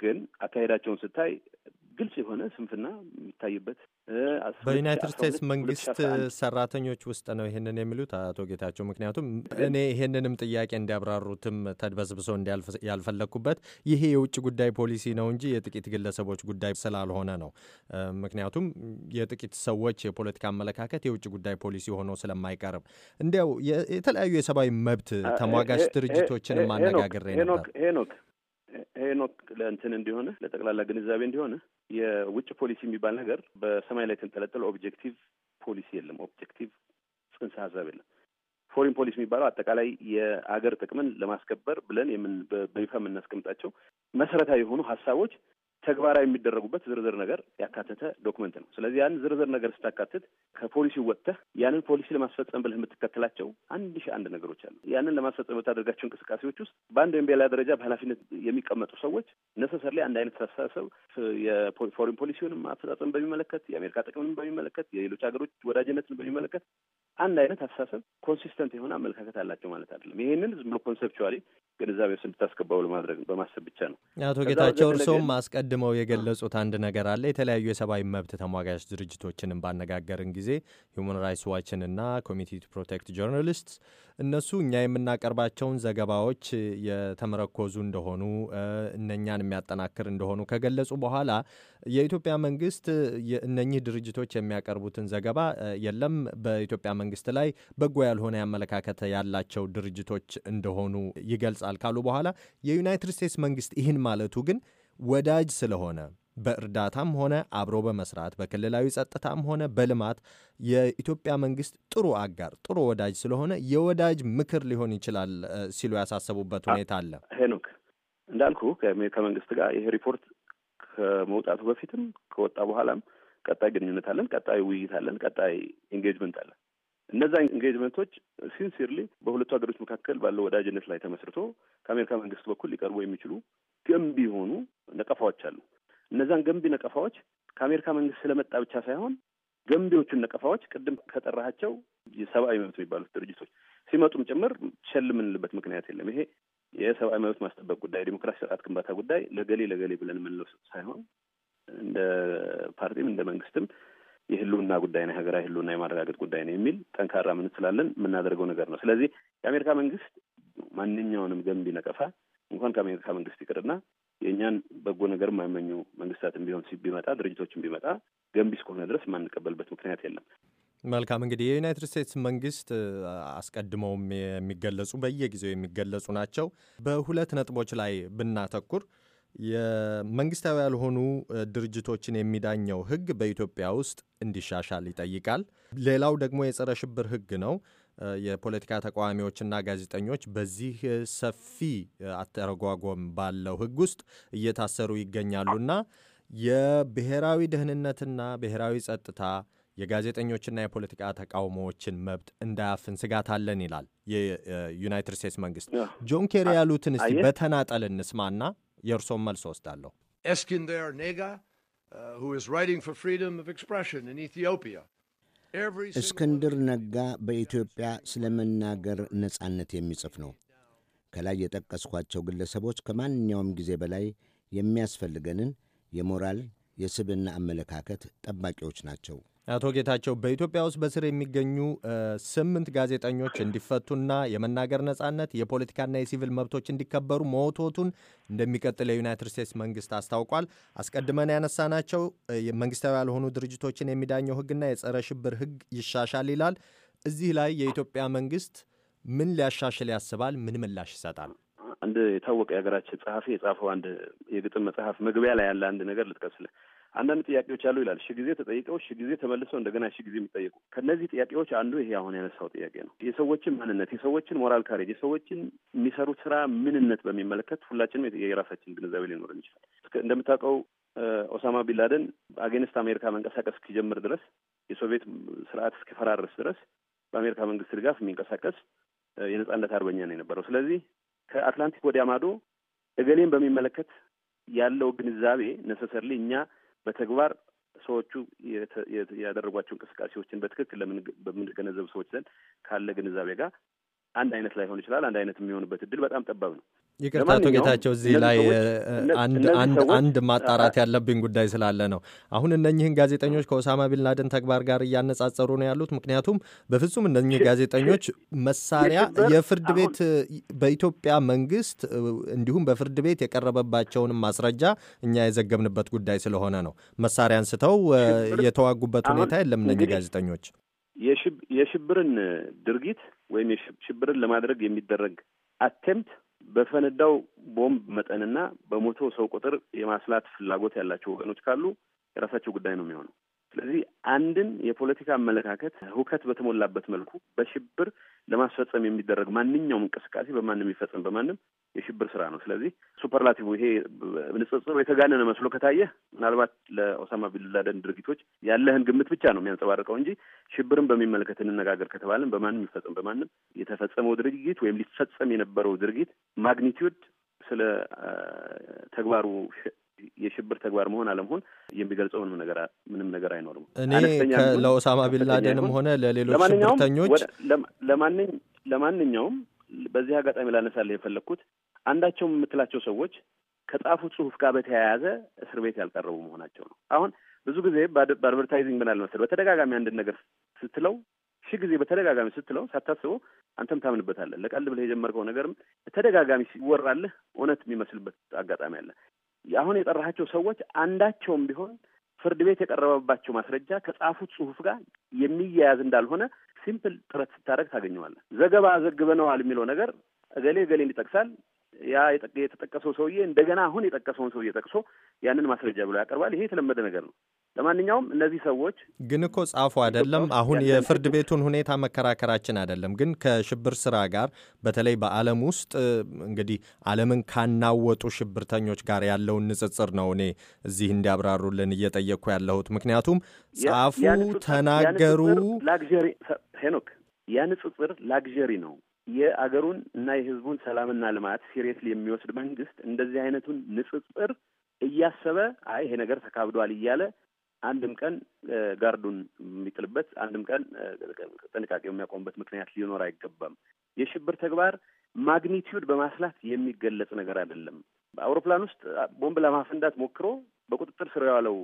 ግን አካሄዳቸውን ስታይ ግልጽ የሆነ ስንፍና የሚታይበት በዩናይትድ ስቴትስ መንግስት ሰራተኞች ውስጥ ነው ይህንን የሚሉት አቶ ጌታቸው። ምክንያቱም እኔ ይህንንም ጥያቄ እንዲያብራሩትም ተድበስብሶ ያልፈለግኩበት ይሄ የውጭ ጉዳይ ፖሊሲ ነው እንጂ የጥቂት ግለሰቦች ጉዳይ ስላልሆነ ነው። ምክንያቱም የጥቂት ሰዎች የፖለቲካ አመለካከት የውጭ ጉዳይ ፖሊሲ ሆኖ ስለማይቀርብ እንዲያው የተለያዩ የሰብአዊ መብት ተሟጋች ድርጅቶችን ማነጋገር ሄኖክ ሄኖክ ለእንትን እንዲሆነ ለጠቅላላ ግንዛቤ እንዲሆነ የውጭ ፖሊሲ የሚባል ነገር በሰማይ ላይ የተንጠለጠለ ኦብጀክቲቭ ፖሊሲ የለም። ኦብጀክቲቭ ጽንሰ ሀሳብ የለም። ፎሪን ፖሊሲ የሚባለው አጠቃላይ የአገር ጥቅምን ለማስከበር ብለን በይፋ የምናስቀምጣቸው መሰረታዊ የሆኑ ሀሳቦች ተግባራዊ የሚደረጉበት ዝርዝር ነገር ያካተተ ዶክመንት ነው። ስለዚህ ያን ዝርዝር ነገር ስታካትት ከፖሊሲ ወጥተህ ያንን ፖሊሲ ለማስፈጸም ብለህ የምትከተላቸው አንድ ሺህ አንድ ነገሮች አሉ። ያንን ለማስፈጸም የምታደርጋቸው እንቅስቃሴዎች ውስጥ በአንድ ወይም በሌላ ደረጃ በኃላፊነት የሚቀመጡ ሰዎች ነሰሰር ላይ አንድ አይነት አስተሳሰብ የፎሪን ፖሊሲውንም አፈጻጸም በሚመለከት የአሜሪካ ጥቅምንም በሚመለከት የሌሎች ሀገሮች ወዳጅነትን በሚመለከት አንድ አይነት አስተሳሰብ ኮንሲስተንት የሆነ አመለካከት አላቸው ማለት አይደለም። ይሄንን ዝም ብሎ ኮንሴፕቹዋሊ ግንዛቤ ውስጥ እንድታስገባው ለማድረግ በማሰብ ብቻ ነው። አቶ ጌታቸው እርስዎም አስቀድ አስቀድመው የገለጹት አንድ ነገር አለ። የተለያዩ የሰብአዊ መብት ተሟጋች ድርጅቶችንም ባነጋገርን ጊዜ ሁማን ራይትስ ዋችንና ኮሚቴ ቱ ፕሮቴክት ጆርናሊስት እነሱ እኛ የምናቀርባቸውን ዘገባዎች የተመረኮዙ እንደሆኑ እነኛን የሚያጠናክር እንደሆኑ ከገለጹ በኋላ የኢትዮጵያ መንግስት እነኚህ ድርጅቶች የሚያቀርቡትን ዘገባ የለም በኢትዮጵያ መንግስት ላይ በጎ ያልሆነ አመለካከት ያላቸው ድርጅቶች እንደሆኑ ይገልጻል ካሉ በኋላ የዩናይትድ ስቴትስ መንግስት ይህን ማለቱ ግን ወዳጅ ስለሆነ በእርዳታም ሆነ አብሮ በመስራት በክልላዊ ጸጥታም ሆነ በልማት የኢትዮጵያ መንግስት ጥሩ አጋር፣ ጥሩ ወዳጅ ስለሆነ የወዳጅ ምክር ሊሆን ይችላል ሲሉ ያሳሰቡበት ሁኔታ አለ። ሄኖክ እንዳልኩ ከመንግስት ጋር ይሄ ሪፖርት ከመውጣቱ በፊትም ከወጣ በኋላም ቀጣይ ግንኙነት አለን፣ ቀጣይ ውይይት አለን፣ ቀጣይ ኢንጌጅመንት አለን። እነዛ ኢንጌጅመንቶች ሲንሲርሊ በሁለቱ ሀገሮች መካከል ባለው ወዳጅነት ላይ ተመስርቶ ከአሜሪካ መንግስት በኩል ሊቀርቡ የሚችሉ ገንቢ የሆኑ ነቀፋዎች አሉ። እነዛን ገንቢ ነቀፋዎች ከአሜሪካ መንግስት ስለመጣ ብቻ ሳይሆን ገንቢዎቹን ነቀፋዎች ቅድም ከጠራሃቸው የሰብአዊ መብት የሚባሉት ድርጅቶች ሲመጡም ጭምር ቸል የምንልበት ምክንያት የለም። ይሄ የሰብአዊ መብት ማስጠበቅ ጉዳይ፣ ዴሞክራሲ ስርዓት ግንባታ ጉዳይ ለገሌ ለገሌ ብለን የምንለው ሳይሆን እንደ ፓርቲም እንደ መንግስትም የህልውና ጉዳይ ነው፣ የሀገራዊ ህልውና የማረጋገጥ ጉዳይ ነው የሚል ጠንካራ ምን ስላለን የምናደርገው ነገር ነው። ስለዚህ የአሜሪካ መንግስት ማንኛውንም ገንቢ ነቀፋ እንኳን ከአሜሪካ መንግስት ይቅርና የእኛን በጎ ነገር የማይመኙ መንግስታትን ቢሆን ቢመጣ ድርጅቶችን ቢመጣ ገንቢ እስከሆነ ድረስ የማንቀበልበት ምክንያት የለም። መልካም እንግዲህ የዩናይትድ ስቴትስ መንግስት አስቀድመውም የሚገለጹ በየጊዜው የሚገለጹ ናቸው። በሁለት ነጥቦች ላይ ብናተኩር የመንግስታዊ ያልሆኑ ድርጅቶችን የሚዳኘው ህግ በኢትዮጵያ ውስጥ እንዲሻሻል ይጠይቃል። ሌላው ደግሞ የጸረ ሽብር ህግ ነው። የፖለቲካ ተቃዋሚዎችና ጋዜጠኞች በዚህ ሰፊ አተረጓጎም ባለው ህግ ውስጥ እየታሰሩ ይገኛሉና የብሔራዊ ደህንነትና ብሔራዊ ጸጥታ የጋዜጠኞችና የፖለቲካ ተቃውሞዎችን መብት እንዳያፍን ስጋት አለን ይላል የዩናይትድ ስቴትስ መንግስት። ጆን ኬሪ ያሉትን እስቲ በተናጠል እንስማና የእርሶም መልስ ወስዳለሁ። ኤስኪንደር ኔጋ እስክንድር ነጋ በኢትዮጵያ ስለ መናገር ነጻነት የሚጽፍ ነው። ከላይ የጠቀስኳቸው ግለሰቦች ከማንኛውም ጊዜ በላይ የሚያስፈልገንን የሞራል የስብና አመለካከት ጠባቂዎች ናቸው። አቶ ጌታቸው በኢትዮጵያ ውስጥ በስር የሚገኙ ስምንት ጋዜጠኞች እንዲፈቱና የመናገር ነጻነት የፖለቲካና የሲቪል መብቶች እንዲከበሩ መወትወቱን እንደሚቀጥል የዩናይትድ ስቴትስ መንግስት አስታውቋል። አስቀድመን ያነሳናቸው መንግስታዊ ያልሆኑ ድርጅቶችን የሚዳኘው ህግና የጸረ ሽብር ህግ ይሻሻል ይላል። እዚህ ላይ የኢትዮጵያ መንግስት ምን ሊያሻሽል ያስባል? ምን ምላሽ ይሰጣል? አንድ የታወቀ የሀገራችን ጸሐፊ የጻፈው አንድ የግጥም መጽሐፍ መግቢያ ላይ ያለ አንድ ነገር ልጥቀስል። አንዳንድ ጥያቄዎች አሉ ይላል። ሺ ጊዜ ተጠይቀው ሺ ጊዜ ተመልሰው እንደገና ሺ ጊዜ የሚጠየቁ ከእነዚህ ጥያቄዎች አንዱ ይሄ አሁን ያነሳው ጥያቄ ነው። የሰዎችን ማንነት፣ የሰዎችን ሞራል ካሬጅ፣ የሰዎችን የሚሰሩት ስራ ምንነት በሚመለከት ሁላችንም የራሳችን ግንዛቤ ሊኖረን ይችላል። እንደምታውቀው ኦሳማ ቢንላደን አጌንስት አሜሪካ መንቀሳቀስ እስኪጀምር ድረስ የሶቪየት ስርዓት እስኪፈራረስ ድረስ በአሜሪካ መንግስት ድጋፍ የሚንቀሳቀስ የነጻነት አርበኛ ነው የነበረው። ስለዚህ ከአትላንቲክ ወዲያ ማዶ እገሌን በሚመለከት ያለው ግንዛቤ ነሰሰርሊ እኛ በተግባር ሰዎቹ ያደረጓቸው እንቅስቃሴዎችን በትክክል በምንገነዘቡ ሰዎች ዘንድ ካለ ግንዛቤ ጋር አንድ አይነት ላይሆን ይችላል። አንድ አይነት የሚሆንበት እድል በጣም ጠባብ ነው። ይቅርታ አቶ ጌታቸው እዚህ ላይ አንድ ማጣራት ያለብኝ ጉዳይ ስላለ ነው። አሁን እነህን ጋዜጠኞች ከኦሳማ ቢንላደን ተግባር ጋር እያነጻጸሩ ነው ያሉት። ምክንያቱም በፍጹም እነኚህ ጋዜጠኞች መሳሪያ የፍርድ ቤት በኢትዮጵያ መንግስት እንዲሁም በፍርድ ቤት የቀረበባቸውን ማስረጃ እኛ የዘገብንበት ጉዳይ ስለሆነ ነው። መሳሪያ አንስተው የተዋጉበት ሁኔታ የለም። እነኚህ ጋዜጠኞች የሽብርን ድርጊት ወይም ሽብርን ለማድረግ የሚደረግ አቴምፕት በፈነዳው ቦምብ መጠንና በሞተው ሰው ቁጥር የማስላት ፍላጎት ያላቸው ወገኖች ካሉ የራሳቸው ጉዳይ ነው የሚሆነው። ስለዚህ አንድን የፖለቲካ አመለካከት ሁከት በተሞላበት መልኩ በሽብር ለማስፈጸም የሚደረግ ማንኛውም እንቅስቃሴ በማንም የሚፈጸም በማንም የሽብር ስራ ነው። ስለዚህ ሱፐርላቲቭ ይሄ ንጽጽር የተጋነነ መስሎ ከታየ ምናልባት ለኦሳማ ቢንላደን ድርጊቶች ያለህን ግምት ብቻ ነው የሚያንጸባርቀው እንጂ ሽብርን በሚመለከት እንነጋገር ከተባለን በማንም የሚፈጸም በማንም የተፈጸመው ድርጊት ወይም ሊፈጸም የነበረው ድርጊት ማግኒቲዩድ ስለ ተግባሩ የሽብር ተግባር መሆን አለመሆን የሚገልጸው ምንም ነገር ምንም ነገር አይኖርም። እኔ ለኦሳማ ቢንላደንም ሆነ ለሌሎች ሽብርተኞች ለማንኛውም በዚህ አጋጣሚ ላነሳለህ የፈለግኩት አንዳቸውም የምትላቸው ሰዎች ከጻፉት ጽሁፍ ጋር በተያያዘ እስር ቤት ያልቀረቡ መሆናቸው ነው። አሁን ብዙ ጊዜ በአድቨርታይዚንግ ምናል መሰለህ በተደጋጋሚ አንድን ነገር ስትለው ሺህ ጊዜ በተደጋጋሚ ስትለው ሳታስበው አንተም ታምንበታለህ። ለቀልድ ብለህ የጀመርከው ነገርም በተደጋጋሚ ሲወራልህ እውነት የሚመስልበት አጋጣሚ አለ። አሁን የጠራሃቸው ሰዎች አንዳቸውም ቢሆን ፍርድ ቤት የቀረበባቸው ማስረጃ ከጻፉት ጽሁፍ ጋር የሚያያዝ እንዳልሆነ ሲምፕል ጥረት ስታደርግ ታገኘዋለህ። ዘገባ ዘግበነዋል የሚለው ነገር እገሌ እገሌን ይጠቅሳል፣ ያ የተጠቀሰው ሰውዬ እንደገና አሁን የጠቀሰውን ሰውዬ ጠቅሶ ያንን ማስረጃ ብሎ ያቀርባል። ይሄ የተለመደ ነገር ነው። ለማንኛውም እነዚህ ሰዎች ግን እኮ ጻፉ አይደለም። አሁን የፍርድ ቤቱን ሁኔታ መከራከራችን አይደለም። ግን ከሽብር ስራ ጋር በተለይ በዓለም ውስጥ እንግዲህ ዓለምን ካናወጡ ሽብርተኞች ጋር ያለውን ንጽጽር ነው እኔ እዚህ እንዲያብራሩልን እየጠየቅኩ ያለሁት። ምክንያቱም ጻፉ ተናገሩ ላግዠሪ ሄኖክ ያ ንጽጽር ላግዠሪ ነው የአገሩን እና የህዝቡን ሰላምና ልማት ሲሪየስሊ የሚወስድ መንግስት እንደዚህ አይነቱን ንጽጽር እያሰበ አይ ይሄ ነገር ተካብዷል እያለ አንድም ቀን ጋርዱን የሚጥልበት አንድም ቀን ጥንቃቄ የሚያቆምበት ምክንያት ሊኖር አይገባም። የሽብር ተግባር ማግኒቲዩድ በማስላት የሚገለጽ ነገር አይደለም። በአውሮፕላን ውስጥ ቦምብ ለማፈንዳት ሞክሮ በቁጥጥር ስር የዋለው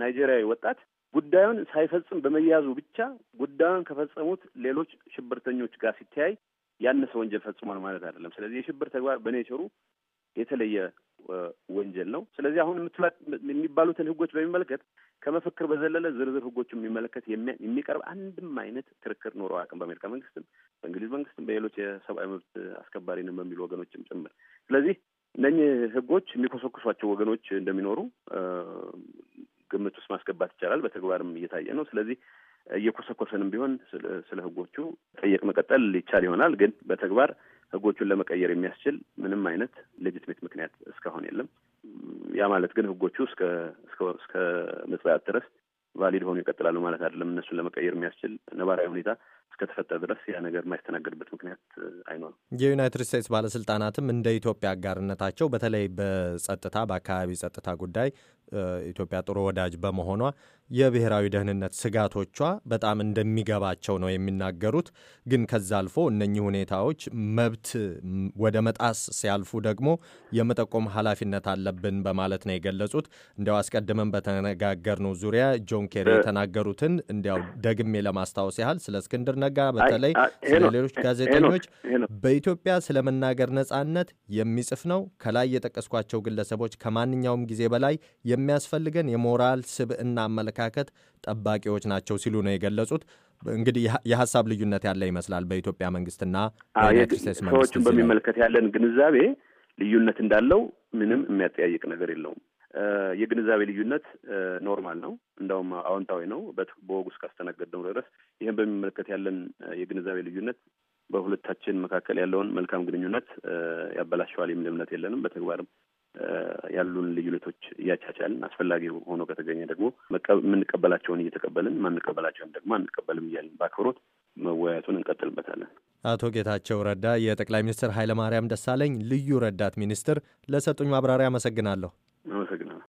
ናይጄሪያዊ ወጣት ጉዳዩን ሳይፈጽም በመያዙ ብቻ ጉዳዩን ከፈጸሙት ሌሎች ሽብርተኞች ጋር ሲተያይ ያነሰ ወንጀል ፈጽሟል ማለት አይደለም። ስለዚህ የሽብር ተግባር በኔቸሩ የተለየ ወንጀል ነው። ስለዚህ አሁን የሚባሉትን ህጎች በሚመለከት ከመፈክር በዘለለ ዝርዝር ህጎች የሚመለከት የሚቀርብ አንድም አይነት ክርክር ኖሮ አያውቅም በአሜሪካ መንግስትም፣ በእንግሊዝ መንግስትም፣ በሌሎች የሰብአዊ መብት አስከባሪንም በሚሉ ወገኖችም ጭምር። ስለዚህ እነኚህ ህጎች የሚኮሰኩሷቸው ወገኖች እንደሚኖሩ ግምት ውስጥ ማስገባት ይቻላል። በተግባርም እየታየ ነው። ስለዚህ እየኮሰኮሰንም ቢሆን ስለ ህጎቹ ጠየቅ መቀጠል ይቻል ይሆናል። ግን በተግባር ህጎቹን ለመቀየር የሚያስችል ምንም አይነት ሌጅትሜት ምክንያት እስካሁን የለም። ያ ማለት ግን ህጎቹ እስከ እስከ ምጽአት ድረስ ቫሊድ ሆኑ ይቀጥላሉ ማለት አይደለም። እነሱን ለመቀየር የሚያስችል ነባራዊ ሁኔታ እስከተፈጠረ ድረስ ያ ነገር የማይስተናገድበት ምክንያት አይኖርም። የዩናይትድ ስቴትስ ባለስልጣናትም እንደ ኢትዮጵያ አጋርነታቸው በተለይ በጸጥታ በአካባቢ ጸጥታ ጉዳይ ኢትዮጵያ ጥሩ ወዳጅ በመሆኗ የብሔራዊ ደህንነት ስጋቶቿ በጣም እንደሚገባቸው ነው የሚናገሩት። ግን ከዛ አልፎ እነኚህ ሁኔታዎች መብት ወደ መጣስ ሲያልፉ ደግሞ የመጠቆም ኃላፊነት አለብን በማለት ነው የገለጹት። እንዲያው አስቀድመን በተነጋገርነው ዙሪያ ጆን ኬሪ የተናገሩትን እንዲያው ደግሜ ለማስታወስ ያህል ስለ እስክንድር ነጋ፣ በተለይ ስለ ሌሎች ጋዜጠኞች በኢትዮጵያ ስለ መናገር ነጻነት የሚጽፍ ነው። ከላይ የጠቀስኳቸው ግለሰቦች ከማንኛውም ጊዜ በላይ የሚያስፈልገን የሞራል ስብዕና አመለካከት ጠባቂዎች ናቸው ሲሉ ነው የገለጹት። እንግዲህ የሀሳብ ልዩነት ያለ ይመስላል በኢትዮጵያ መንግስትና ሰዎችን በሚመለከት ያለን ግንዛቤ ልዩነት እንዳለው ምንም የሚያጠያይቅ ነገር የለውም። የግንዛቤ ልዩነት ኖርማል ነው፣ እንደውም አዎንታዊ ነው። በወጉ እስካስተናገድነው ድረስ ይህን በሚመለከት ያለን የግንዛቤ ልዩነት በሁለታችን መካከል ያለውን መልካም ግንኙነት ያበላሸዋል የሚል እምነት የለንም። በተግባርም ያሉን ልዩነቶች እያቻቻልን አስፈላጊ ሆኖ ከተገኘ ደግሞ የምንቀበላቸውን እየተቀበልን ማንቀበላቸውን ደግሞ አንቀበልም እያልን በአክብሮት መወያየቱን እንቀጥልበታለን። አቶ ጌታቸው ረዳ የጠቅላይ ሚኒስትር ኃይለማርያም ደሳለኝ ልዩ ረዳት ሚኒስትር ለሰጡኝ ማብራሪያ አመሰግናለሁ። አመሰግናለሁ።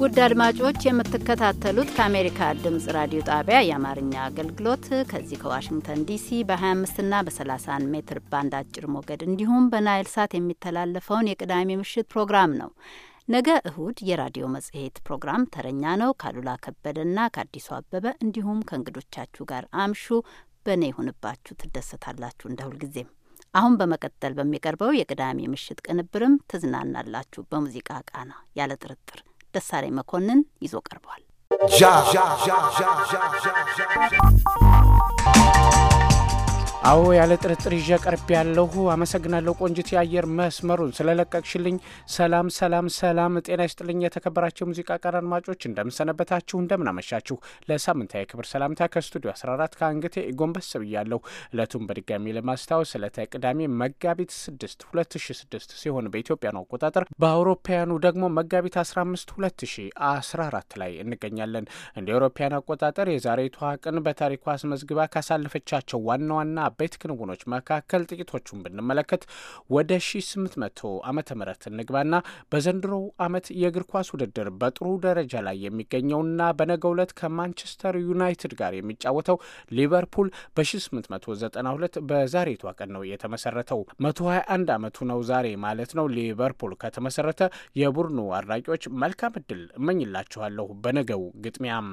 ውድ አድማጮች የምትከታተሉት ከአሜሪካ ድምፅ ራዲዮ ጣቢያ የአማርኛ አገልግሎት ከዚህ ከዋሽንግተን ዲሲ በ25 ና በ31 ሜትር ባንድ አጭር ሞገድ እንዲሁም በናይል ሳት የሚተላለፈውን የቅዳሜ ምሽት ፕሮግራም ነው። ነገ እሁድ የራዲዮ መጽሔት ፕሮግራም ተረኛ ነው ካሉላ ከበደና ከአዲሱ አበበ እንዲሁም ከእንግዶቻችሁ ጋር አምሹ። በእኔ ይሁንባችሁ፣ ትደሰታላችሁ እንደ ሁልጊዜም። አሁን በመቀጠል በሚቀርበው የቅዳሜ ምሽት ቅንብርም ትዝናናላችሁ በሙዚቃ ቃና ያለ ጥርጥር ደሳለኝ መኮንን ይዞ ቀርቧል። አዎ ያለ ጥርጥር ይዤ ቀርብ ያለሁ። አመሰግናለሁ ቆንጅት የአየር መስመሩን ስለለቀቅሽልኝ። ሰላም ሰላም ሰላም፣ ጤና ይስጥልኝ። የተከበራቸው ሙዚቃ ቀን አድማጮች እንደምንሰነበታችሁ፣ እንደምናመሻችሁ። ለሳምንታ የክብር ሰላምታ ከስቱዲዮ 14 ከአንግቴ ጎንበስ ብያለሁ። ለቱን በድጋሚ ለማስታወስ ዕለተ ቅዳሜ መጋቢት 6 2006 ሲሆን ነው አቆጣጠር፣ በአውሮፓያኑ ደግሞ መጋቢት 15 2014 ላይ እንገኛለን። እንደ አውሮፓውያን አቆጣጠር የዛሬቷ ቀን በታሪኳ አስመዝግባ ካሳለፈቻቸው ዋና ዋና ቤት ክንውኖች መካከል ጥቂቶቹን ብንመለከት ወደ ሺ8መቶ ዓመተ ምህረት እንግባና በዘንድሮው ዓመት የእግር ኳስ ውድድር በጥሩ ደረጃ ላይ የሚገኘውና በነገው ዕለት ከማንቸስተር ዩናይትድ ጋር የሚጫወተው ሊቨርፑል በ1892 በዛሬቷ ቀን ነው የተመሰረተው። 121 ዓመቱ ነው ዛሬ ማለት ነው። ሊቨርፑል ከተመሰረተ የቡድኑ አድናቂዎች መልካም እድል እመኝላችኋለሁ። በነገው ግጥሚያም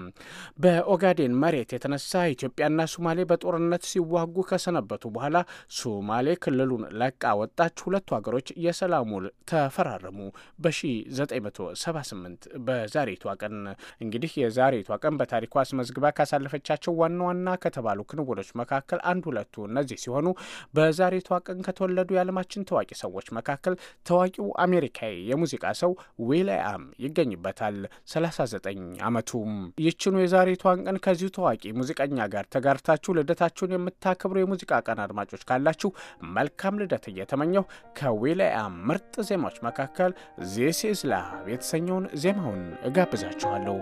በኦጋዴን መሬት የተነሳ ኢትዮጵያና ሶማሌ በጦርነት ሲዋጉ ከ ከተሰናበቱ በኋላ ሶማሌ ክልሉን ለቃ ወጣች። ሁለቱ ሀገሮች የሰላም ውል ተፈራረሙ በ1978 በዛሬቷ ቀን። እንግዲህ የዛሬቷ ቀን በታሪኳ አስመዝግባ ካሳለፈቻቸው ዋና ዋና ከተባሉ ክንውኖች መካከል አንድ ሁለቱ እነዚህ ሲሆኑ በዛሬቷ ቀን ከተወለዱ የዓለማችን ታዋቂ ሰዎች መካከል ታዋቂው አሜሪካዊ የሙዚቃ ሰው ዊልያም ይገኝበታል። 39 ዓመቱም ይችኑ የዛሬቷን ቀን ከዚሁ ታዋቂ ሙዚቀኛ ጋር ተጋርታችሁ ልደታችሁን የምታከብሩ የሙዚቃ ቀን አድማጮች ካላችሁ መልካም ልደት እየተመኘሁ ከዊልያ ምርጥ ዜማዎች መካከል ዚስ ኢዝ ላቭ የተሰኘውን ዜማውን እጋብዛችኋለሁ።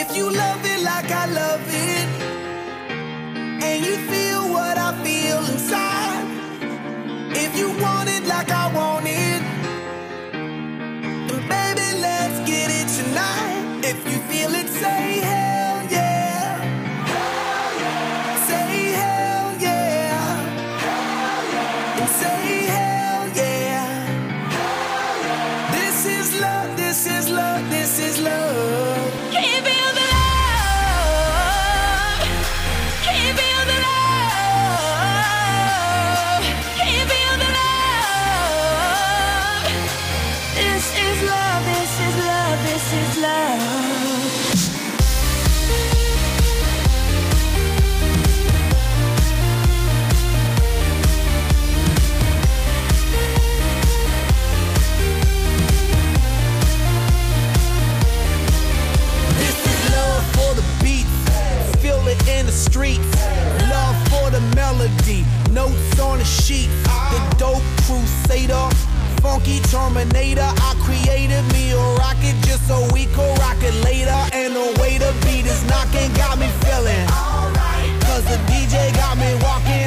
If you love it like I love it, and you feel what I feel inside, if you want it like I want it, then baby, let's get it tonight. If you feel it. cheat. The dope crusader, funky terminator. I created me a rocket just so we could rock it later. And the way the beat is knocking got me feeling. Cause the DJ got me walking.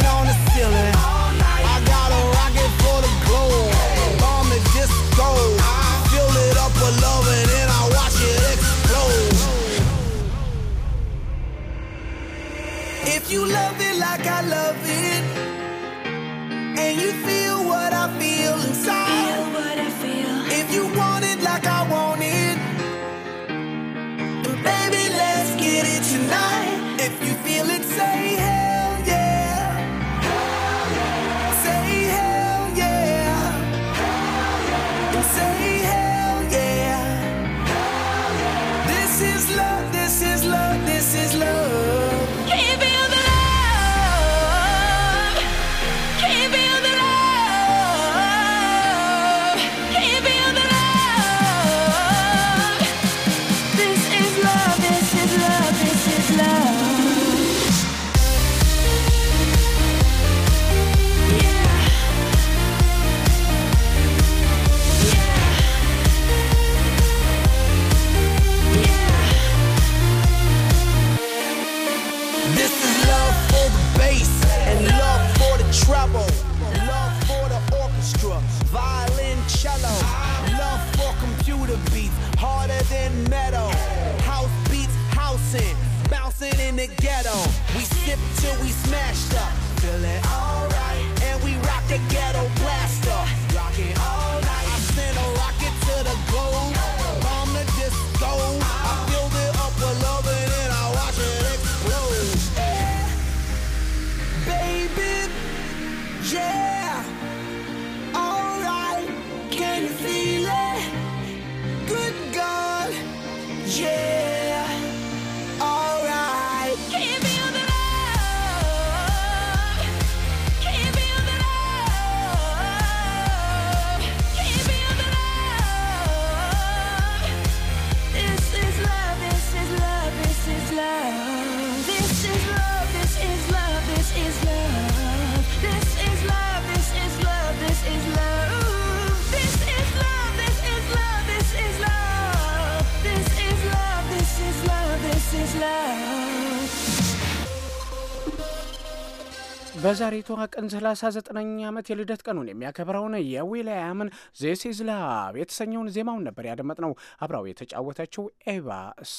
በዛሬቷ ቀን 39ኛ ዓመት የልደት ቀኑን የሚያከብረውን የዊልያምን ዚስ ላቭ የተሰኘውን ዜማውን ነበር ያደመጥ ነው። አብራው የተጫወተችው ኤቫ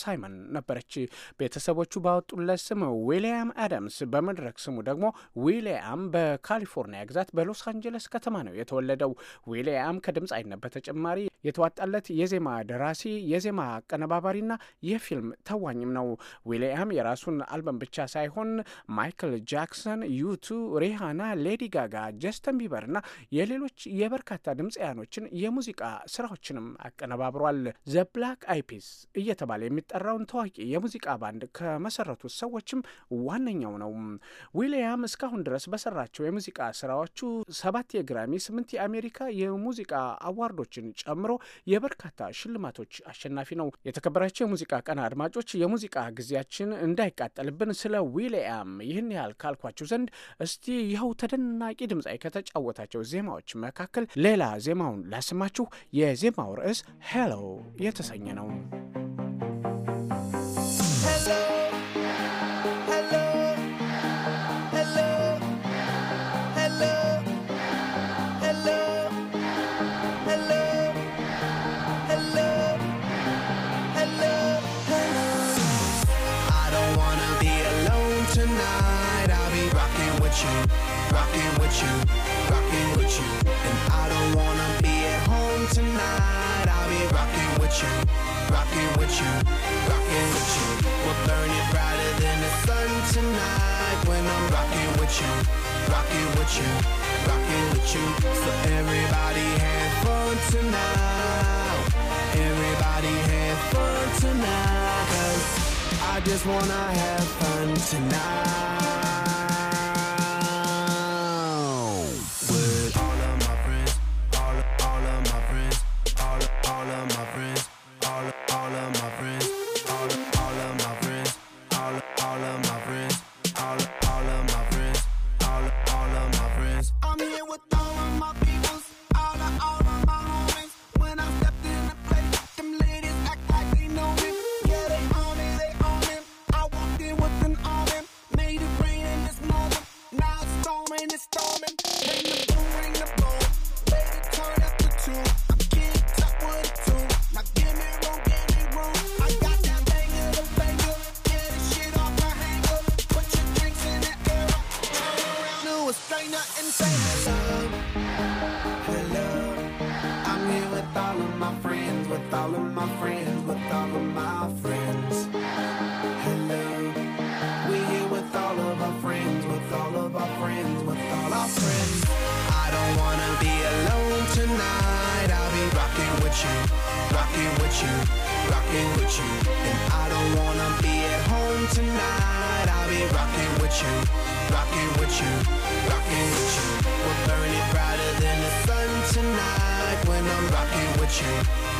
ሳይመን ነበረች። ቤተሰቦቹ ባወጡለት ስም ዊልያም አዳምስ፣ በመድረክ ስሙ ደግሞ ዊልያም በካሊፎርኒያ ግዛት በሎስ አንጀለስ ከተማ ነው የተወለደው። ዊልያም ከድምፃዊነት በተጨማሪ የተዋጣለት የዜማ ደራሲ፣ የዜማ አቀነባባሪና የፊልም ተዋኝም ነው። ዊልያም የራሱን አልበም ብቻ ሳይሆን ማይክል ጃክሰን፣ ዩቱ ሪሃና፣ ሌዲ ጋጋ፣ ጀስተን ቢበር የሌሎች የበርካታ ድምፃያኖችን የሙዚቃ ስራዎችንም አቀነባብሯል። ዘ ብላክ አይፒስ እየተባለ የሚጠራውን ታዋቂ የሙዚቃ ባንድ ከመሰረቱት ሰዎችም ዋነኛው ነው። ዊልያም እስካሁን ድረስ በሰራቸው የሙዚቃ ስራዎቹ ሰባት የግራሚ፣ ስምንት የአሜሪካ የሙዚቃ አዋርዶችን ጨምሮ የበርካታ ሽልማቶች አሸናፊ ነው። የተከበራቸው የሙዚቃ ቀን አድማጮች፣ የሙዚቃ ጊዜያችን እንዳይቃጠልብን ስለ ዊልያም ይህን ያህል ካልኳችሁ ዘንድ እስቲ ይኸው ተደናቂ ድምፃዊ ከተጫወታቸው ዜማዎች መካከል ሌላ ዜማውን ላስማችሁ። የዜማው ርዕስ ሄሎ የተሰኘ ነው። you, rocking with you, rocking with you. And I don't wanna be at home tonight. I'll be rocking with you, rocking with you, rocking with you. We'll burn it brighter than the sun tonight. When I'm rocking with you, rocking with you, rocking with you. So everybody have fun tonight. Everybody have fun tonight. Cause I just wanna have fun tonight. Rocking with you, rocking with you. We're burning brighter than the sun tonight. When I'm rocking with you,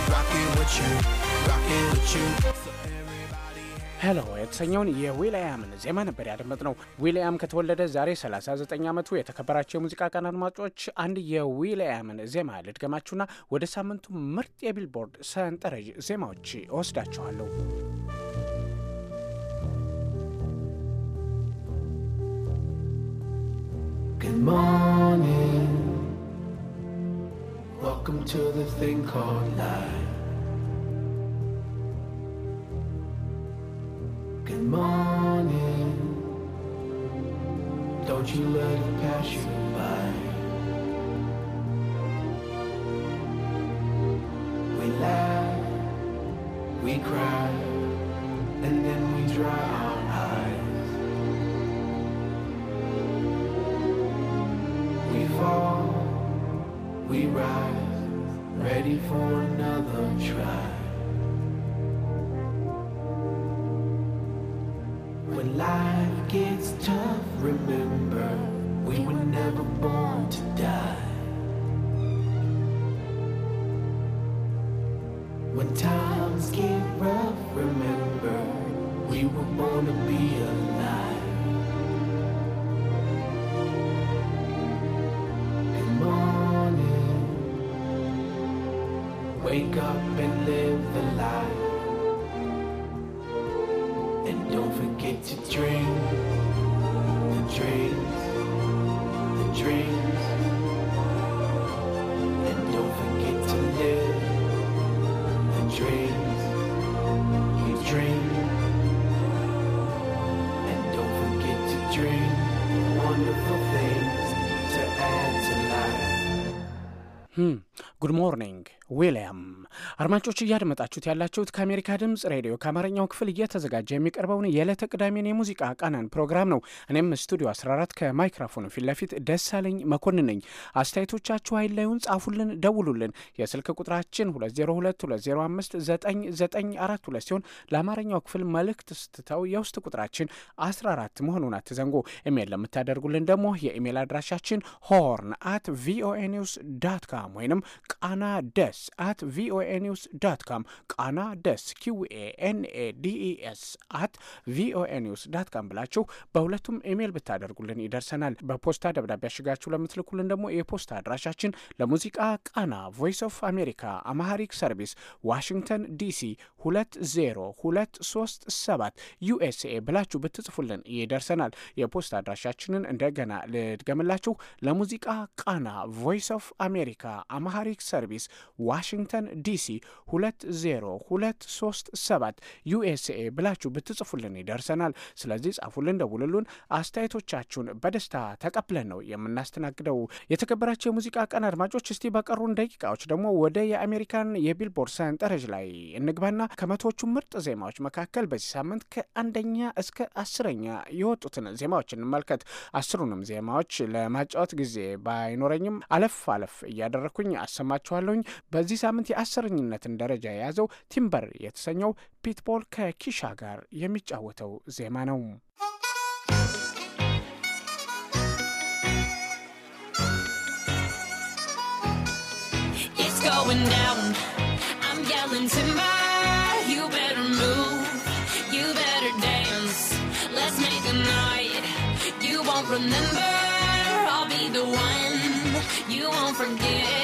rocking with you, rocking with you. ሄሎ የተሰኘውን የዊልያምን ዜማ ነበር ያደመጥነው። ዊልያም ከተወለደ ዛሬ 39 ዓመቱ። የተከበራቸው የሙዚቃ ቀን አድማጮች፣ አንድ የዊልያምን ዜማ ልድገማችሁና ወደ ሳምንቱ ምርጥ የቢልቦርድ ሰንጠረዥ ዜማዎች እወስዳችኋለሁ። Good morning. Welcome to the thing called life. Good morning. Don't you let it pass you by. We laugh, we cry, and then we drown. we rise, ready for another try. When life gets tough, remember we were never born to die. When times get rough, remember we were born to be alive. Wake up and live the life. And don't forget to dream the dreams, the dreams. And don't forget to live the dreams you dream. And don't forget to dream wonderful things to add to life. Hmm. ጉድ ሞርኒንግ ዊልያም። አድማጮች እያደመጣችሁት ያላችሁት ከአሜሪካ ድምፅ ሬዲዮ ከአማርኛው ክፍል እየተዘጋጀ የሚቀርበውን የዕለተ ቅዳሜን የሙዚቃ ቃናን ፕሮግራም ነው። እኔም ስቱዲዮ 14 ከማይክሮፎኑ ፊት ለፊት ደሳለኝ መኮንን ነኝ። አስተያየቶቻችሁ አይለዩን፣ ጻፉልን፣ ደውሉልን። የስልክ ቁጥራችን 2022059942 ሲሆን ለአማርኛው ክፍል መልእክት ስትተው የውስጥ ቁጥራችን 14 መሆኑን አትዘንጉ። ኢሜል ለምታደርጉልን ደግሞ የኢሜል አድራሻችን ሆርን አት ቪኦኤ ኒውስ ዳት ካም ወይንም ቃና ደስ አት ቪኦኤ ኒውስ ዳት ካም ቃና ደስ ኪውኤ ኤንኤ ዲኢኤስ አት ቪኦኤ ኒውስ ዳት ካም ብላችሁ በሁለቱም ኢሜይል ብታደርጉልን ይደርሰናል። በፖስታ ደብዳቤ ያሽጋችሁ ለምትልኩልን ደግሞ የፖስታ አድራሻችን ለሙዚቃ ቃና ቮይስ ኦፍ አሜሪካ አማሃሪክ ሰርቪስ ዋሽንግተን ዲሲ 20237 ዩኤስኤ ብላችሁ ብትጽፉልን ይደርሰናል። የፖስታ አድራሻችንን እንደገና ልድገምላችሁ። ለሙዚቃ ቃና ቮይስ ኦፍ አሜሪካ አማሃሪክ ፓሲፊክ ሰርቪስ ዋሽንግተን ዲሲ 20237 ዩኤስኤ ብላችሁ ብትጽፉልን ይደርሰናል። ስለዚህ ጻፉልን፣ ደውሉልን። አስተያየቶቻችሁን በደስታ ተቀብለን ነው የምናስተናግደው። የተከበራቸው የሙዚቃ ቀን አድማጮች፣ እስቲ በቀሩን ደቂቃዎች ደግሞ ወደ የአሜሪካን የቢልቦርድ ሰንጠረዥ ላይ እንግባና ከመቶዎቹ ምርጥ ዜማዎች መካከል በዚህ ሳምንት ከአንደኛ እስከ አስረኛ የወጡትን ዜማዎች እንመልከት። አስሩንም ዜማዎች ለማጫወት ጊዜ ባይኖረኝም አለፍ አለፍ እያደረግኩኝ አሰማ አሰማችኋለሁኝ። በዚህ ሳምንት የአስረኝነትን ደረጃ የያዘው ቲምበር የተሰኘው ፒትቦል ከኪሻ ጋር የሚጫወተው ዜማ ነው። Going down, I'm yelling timber. You better move, you better dance. Let's make a night you won't remember. I'll be the one you won't forget.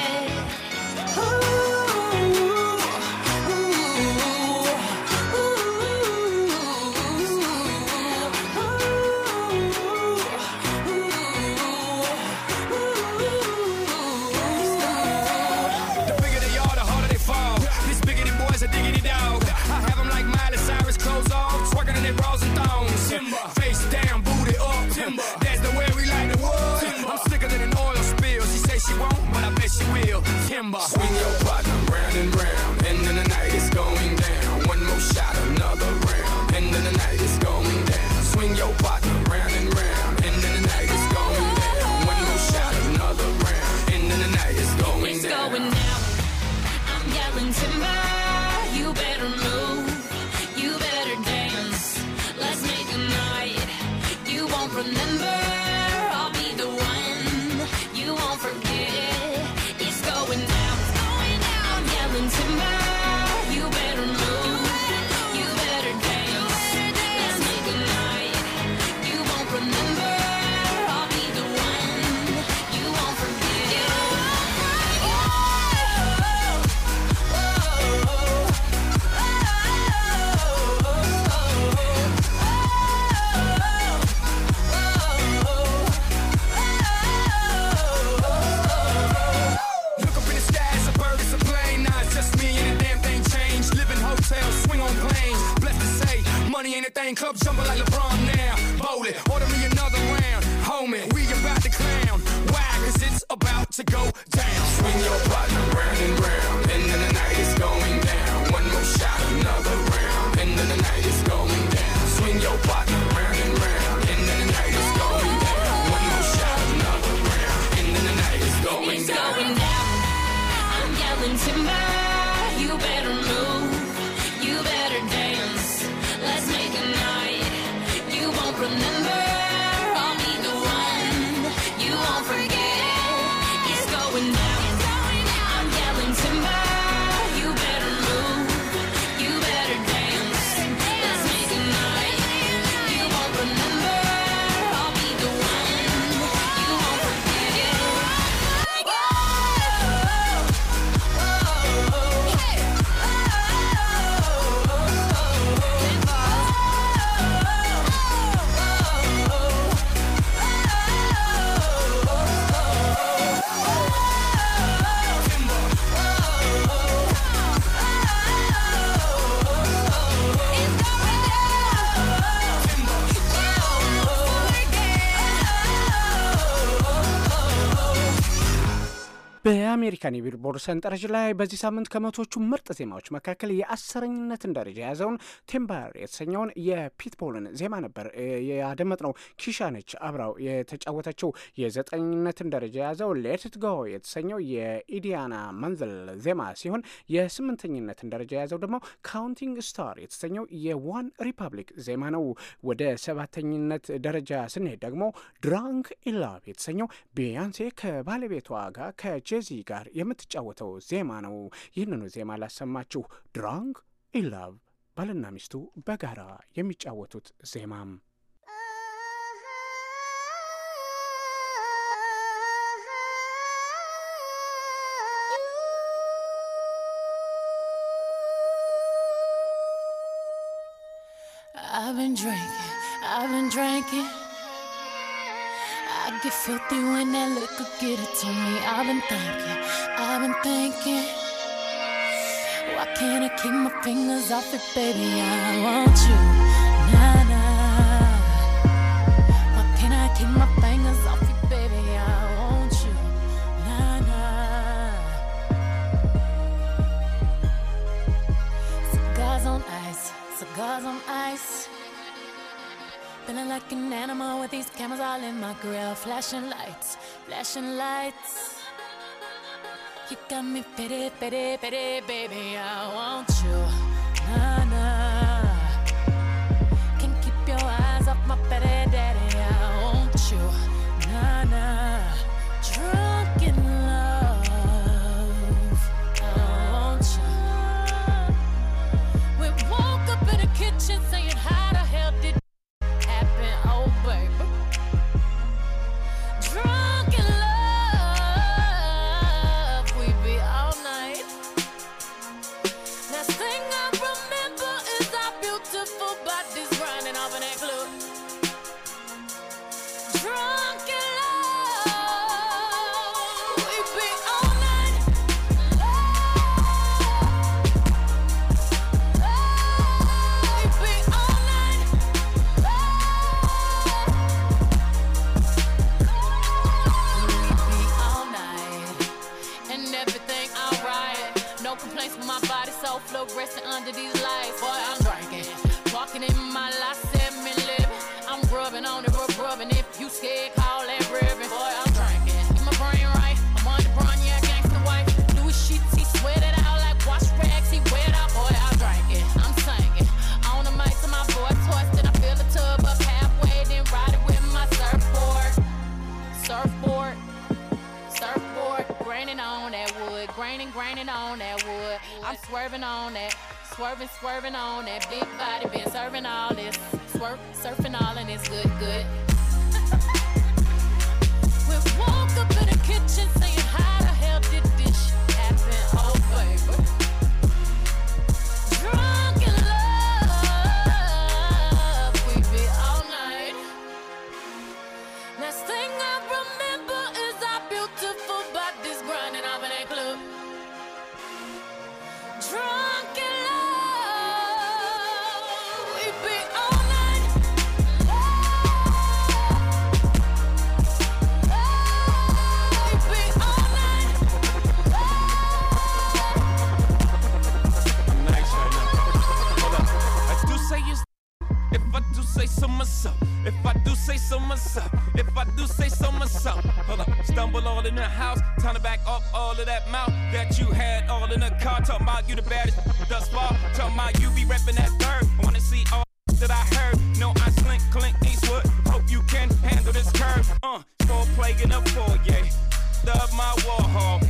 money ain't a thing. Club jumping like LeBron now. Bowl it, order me another round. Homie, we about to clown. Why? Cause it's about to go down. Swing your partner round and round. በአሜሪካን የቢልቦርድ ሰንጠረዥ ላይ በዚህ ሳምንት ከመቶቹ ምርጥ ዜማዎች መካከል የአስረኝነትን ደረጃ የያዘውን ቴምባር የተሰኘውን የፒትቦልን ዜማ ነበር ያደመጥ ነው። ኪሻ ነች አብራው የተጫወተችው። የዘጠኝነትን ደረጃ የያዘው ሌትት ጎ የተሰኘው የኢዲያና መንዝል ዜማ ሲሆን የስምንተኝነትን ደረጃ የያዘው ደግሞ ካውንቲንግ ስታር የተሰኘው የዋን ሪፐብሊክ ዜማ ነው። ወደ ሰባተኝነት ደረጃ ስንሄድ ደግሞ ድራንክ ኢላቭ የተሰኘው ቢያንሴ ከባለቤቷ ጋር ከጄ ጄዚ ጋር የምትጫወተው ዜማ ነው። ይህንኑ ዜማ ላሰማችሁ። ድራንክ ኢላቭ ባልና ሚስቱ በጋራ የሚጫወቱት ዜማም I've been drinking, I've been drinking I get filthy when that liquor get it to me. I've been thinking, I've been thinking. Why can't I keep my fingers off it, baby? I want you now. Feeling like an animal with these cameras all in my grill. Flashing lights, flashing lights. You got me pity, pity, pity, baby. I want you. digging up Fourier. Dub my Warhol.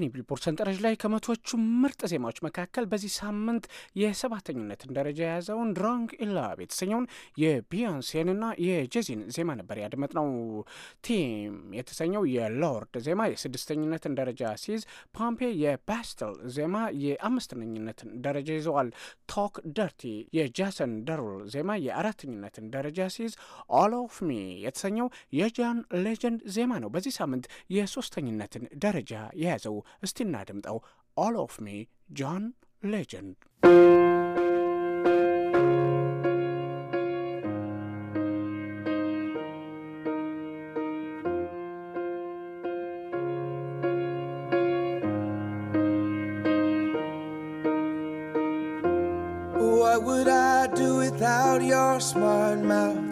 በእኔ ቢልቦርድ ሰንጠረዥ ላይ ከመቶዎቹ ምርጥ ዜማዎች መካከል በዚህ ሳምንት የሰባተኝነትን ደረጃ የያዘውን ድሮንግ ኢን የተሰኘውን የቢዮንሴንና የጄዚን ዜማ ነበር ያደመጥነው። ቲም የተሰኘው የሎርድ ዜማ የስድስተኝነትን ደረጃ ሲይዝ፣ ፓምፔ የባስተል ዜማ የአምስተኝነትን ደረጃ ይዘዋል። ቶክ ደርቲ የጃሰን ደሩል ዜማ የአራተኝነትን ደረጃ ሲይዝ፣ ኦል ኦፍ ሚ የተሰኘው የጃን ሌጀንድ ዜማ ነው በዚህ ሳምንት የሶስተኝነትን ደረጃ የያዘው። እስቲ እናድምጠው። ኦል ኦፍ ሚ ጆን ሌጀንድ What would I do without your smart mouth?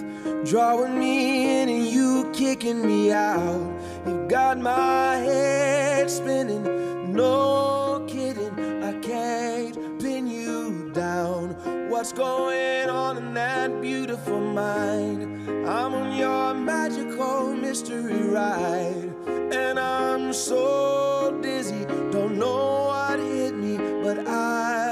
Drawing me in and you kicking me out got my head spinning. No kidding, I can't pin you down. What's going on in that beautiful mind? I'm on your magical mystery ride, and I'm so dizzy, don't know what hit me, but I.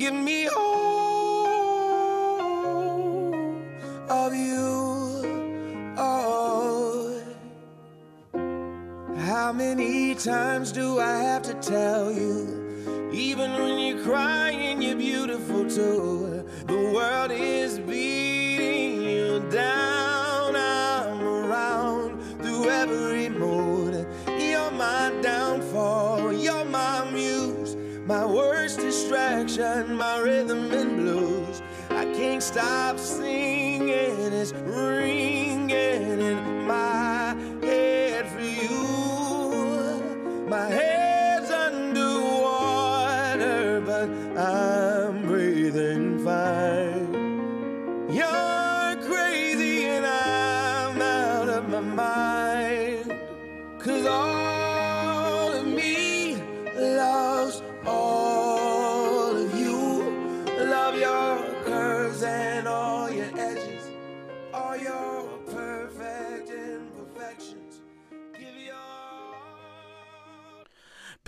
Give me all of you. Oh, how many times do I have to tell you? Even when you're crying, you're beautiful too. The world is beautiful. direction, my rhythm and blues. I can't stop singing, it's ringing in my head for you. My head's under water, but I'm breathing fine.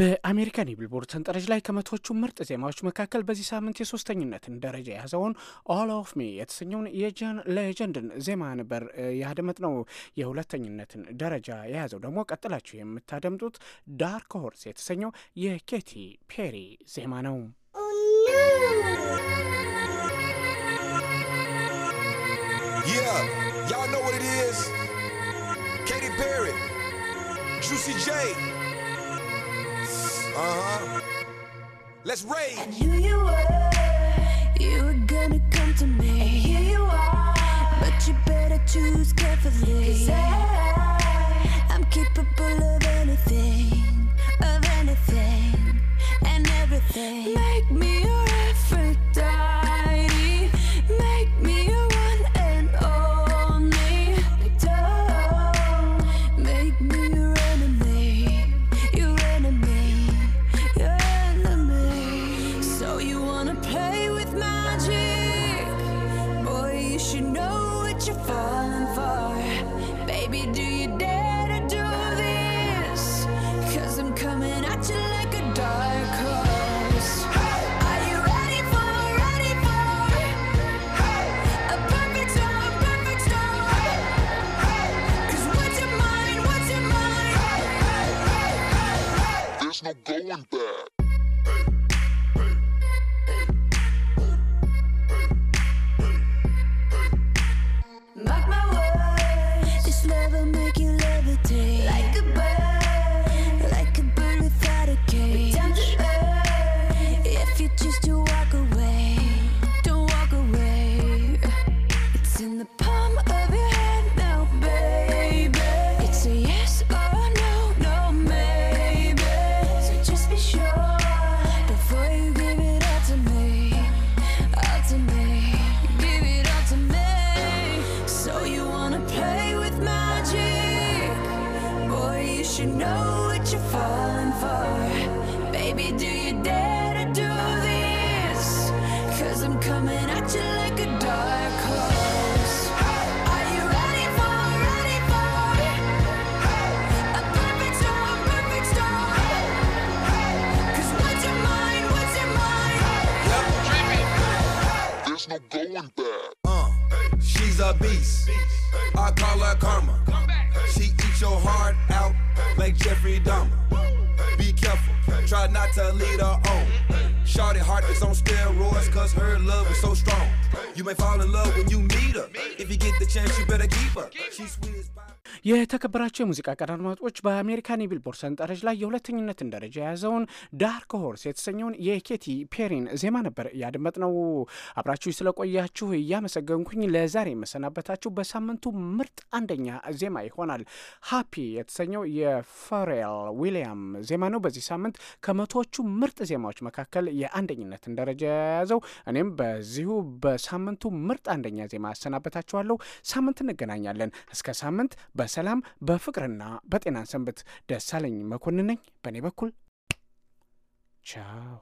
በአሜሪካን የቢልቦርድ ሰንጠረዥ ላይ ከመቶዎቹ ምርጥ ዜማዎች መካከል በዚህ ሳምንት የሶስተኝነትን ደረጃ የያዘውን ኦል ኦፍ ሚ የተሰኘውን የጃን ሌጀንድን ዜማ ነበር ነው። የሁለተኝነትን ደረጃ የያዘው ደግሞ ቀጥላችሁ የምታደምጡት ዳርክ ሆርስ የተሰኘው የኬቲ ፔሪ ዜማ ነው። Yeah, y'all know what it is. Katy Perry, Juicy J. Uh-huh. Let's rage. you were, you were gonna come to me. And here you are, but you better choose carefully. Cause I, I'm capable of anything, of anything, and everything. Make me no going back. call her karma. She eats your heart out like Jeffrey Dahmer. Be careful, try not to lead her on. Shorty heart is on steroids, cause her love is so strong. You may fall in love when you meet her. If you get the chance, you better keep her. She's sweet as pie. የተከበራቸው የሙዚቃ ቀን አድማጮች በአሜሪካን የቢልቦርድ ሰንጠረዥ ላይ የሁለተኝነትን ደረጃ የያዘውን ዳርክ ሆርስ የተሰኘውን የኬቲ ፔሪን ዜማ ነበር እያደመጥ ነው። አብራችሁ ስለቆያችሁ እያመሰገንኩኝ ለዛሬ የመሰናበታችሁ በሳምንቱ ምርጥ አንደኛ ዜማ ይሆናል ሃፒ የተሰኘው የፈሬል ዊሊያም ዜማ ነው። በዚህ ሳምንት ከመቶዎቹ ምርጥ ዜማዎች መካከል የአንደኝነትን ደረጃ የያዘው እኔም በዚሁ በሳምንቱ ምርጥ አንደኛ ዜማ አሰናበታችኋለሁ። ሳምንት እንገናኛለን። እስከ ሳምንት በሰላም በፍቅርና በጤናን ሰንብት። ደሳለኝ መኮንን ነኝ። በእኔ በኩል ቻው።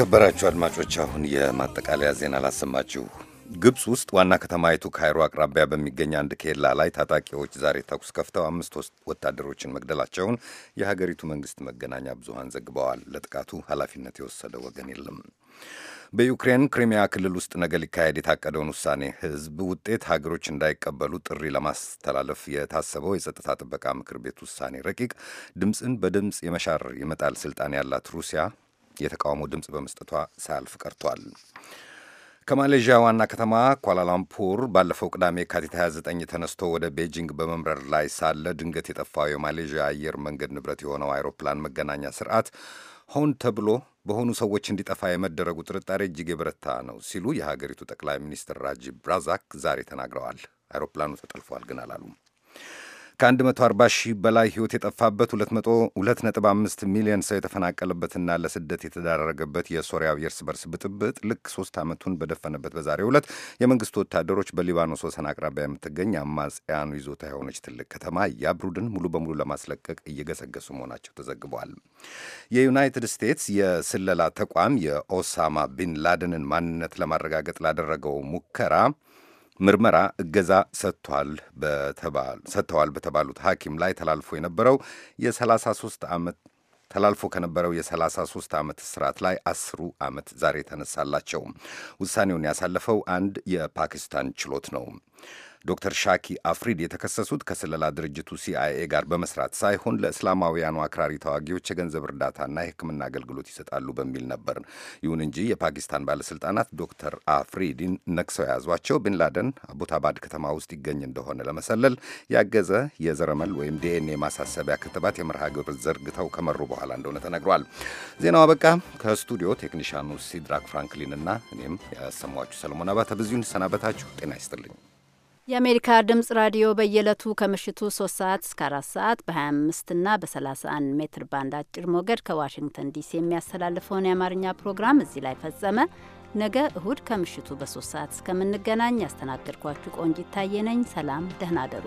የተከበራችሁ አድማጮች አሁን የማጠቃለያ ዜና ላሰማችሁ ግብፅ ውስጥ ዋና ከተማይቱ ካይሮ አቅራቢያ በሚገኝ አንድ ኬላ ላይ ታጣቂዎች ዛሬ ተኩስ ከፍተው አምስት ወታደሮችን መግደላቸውን የሀገሪቱ መንግስት መገናኛ ብዙሃን ዘግበዋል። ለጥቃቱ ኃላፊነት የወሰደ ወገን የለም። በዩክሬን ክሪሚያ ክልል ውስጥ ነገ ሊካሄድ የታቀደውን ውሳኔ ህዝብ ውጤት ሀገሮች እንዳይቀበሉ ጥሪ ለማስተላለፍ የታሰበው የጸጥታ ጥበቃ ምክር ቤት ውሳኔ ረቂቅ ድምፅን በድምፅ የመሻር የመጣል ስልጣን ያላት ሩሲያ የተቃውሞ ድምፅ በመስጠቷ ሳያልፍ ቀርቷል። ከማሌዥያ ዋና ከተማ ኳላላምፑር ባለፈው ቅዳሜ የካቲት 29 ተነስቶ ወደ ቤጂንግ በመምረር ላይ ሳለ ድንገት የጠፋው የማሌዥያ አየር መንገድ ንብረት የሆነው አይሮፕላን መገናኛ ስርዓት ሆን ተብሎ በሆኑ ሰዎች እንዲጠፋ የመደረጉ ጥርጣሬ እጅግ የበረታ ነው ሲሉ የሀገሪቱ ጠቅላይ ሚኒስትር ራጂብ ራዛክ ዛሬ ተናግረዋል። አይሮፕላኑ ተጠልፏል ግን አላሉም። ከ140 ሺህ በላይ ሕይወት የጠፋበት 225 ሚሊዮን ሰው የተፈናቀለበትና ለስደት የተዳረገበት የሶሪያው የእርስ በርስ ብጥብጥ ልክ ሶስት ዓመቱን በደፈነበት በዛሬው ዕለት የመንግስቱ ወታደሮች በሊባኖስ ወሰን አቅራቢያ የምትገኝ አማጽያኑ ይዞታ የሆነች ትልቅ ከተማ ያብሩድን ሙሉ በሙሉ ለማስለቀቅ እየገሰገሱ መሆናቸው ተዘግቧል። የዩናይትድ ስቴትስ የስለላ ተቋም የኦሳማ ቢን ላደንን ማንነት ለማረጋገጥ ላደረገው ሙከራ ምርመራ እገዛ ሰጥተዋል በተባሉት ሐኪም ላይ ተላልፎ የነበረው የ33 ዓመት ተላልፎ ከነበረው የ33 ዓመት እስራት ላይ አስሩ ዓመት ዛሬ ተነሳላቸው። ውሳኔውን ያሳለፈው አንድ የፓኪስታን ችሎት ነው። ዶክተር ሻኪ አፍሪድ የተከሰሱት ከስለላ ድርጅቱ ሲአይኤ ጋር በመስራት ሳይሆን ለእስላማውያኑ አክራሪ ተዋጊዎች የገንዘብ እርዳታና የሕክምና አገልግሎት ይሰጣሉ በሚል ነበር። ይሁን እንጂ የፓኪስታን ባለስልጣናት ዶክተር አፍሪድን ነቅሰው የያዟቸው ቢንላደን አቡታባድ ከተማ ውስጥ ይገኝ እንደሆነ ለመሰለል ያገዘ የዘረመል ወይም ዲኤንኤ ማሳሰቢያ ክትባት የመርሃ ግብር ዘርግተው ከመሩ በኋላ እንደሆነ ተነግሯል። ዜናው አበቃ። ከስቱዲዮ ቴክኒሻኑ ሲድራክ ፍራንክሊን እና እኔም ያሰሟችሁ ሰለሞን አባተ በዚሁ እንሰናበታችሁ። ጤና ይስጥልኝ። የአሜሪካ ድምጽ ራዲዮ በየዕለቱ ከምሽቱ 3 ሰዓት እስከ 4 ሰዓት በ25 እና በ31 ሜትር ባንድ አጭር ሞገድ ከዋሽንግተን ዲሲ የሚያስተላልፈውን የአማርኛ ፕሮግራም እዚህ ላይ ፈጸመ። ነገ እሁድ ከምሽቱ በ3 ሰዓት እስከምንገናኝ ያስተናገድኳችሁ ቆንጂት ታየ ነኝ። ሰላም፣ ደህና አደሩ።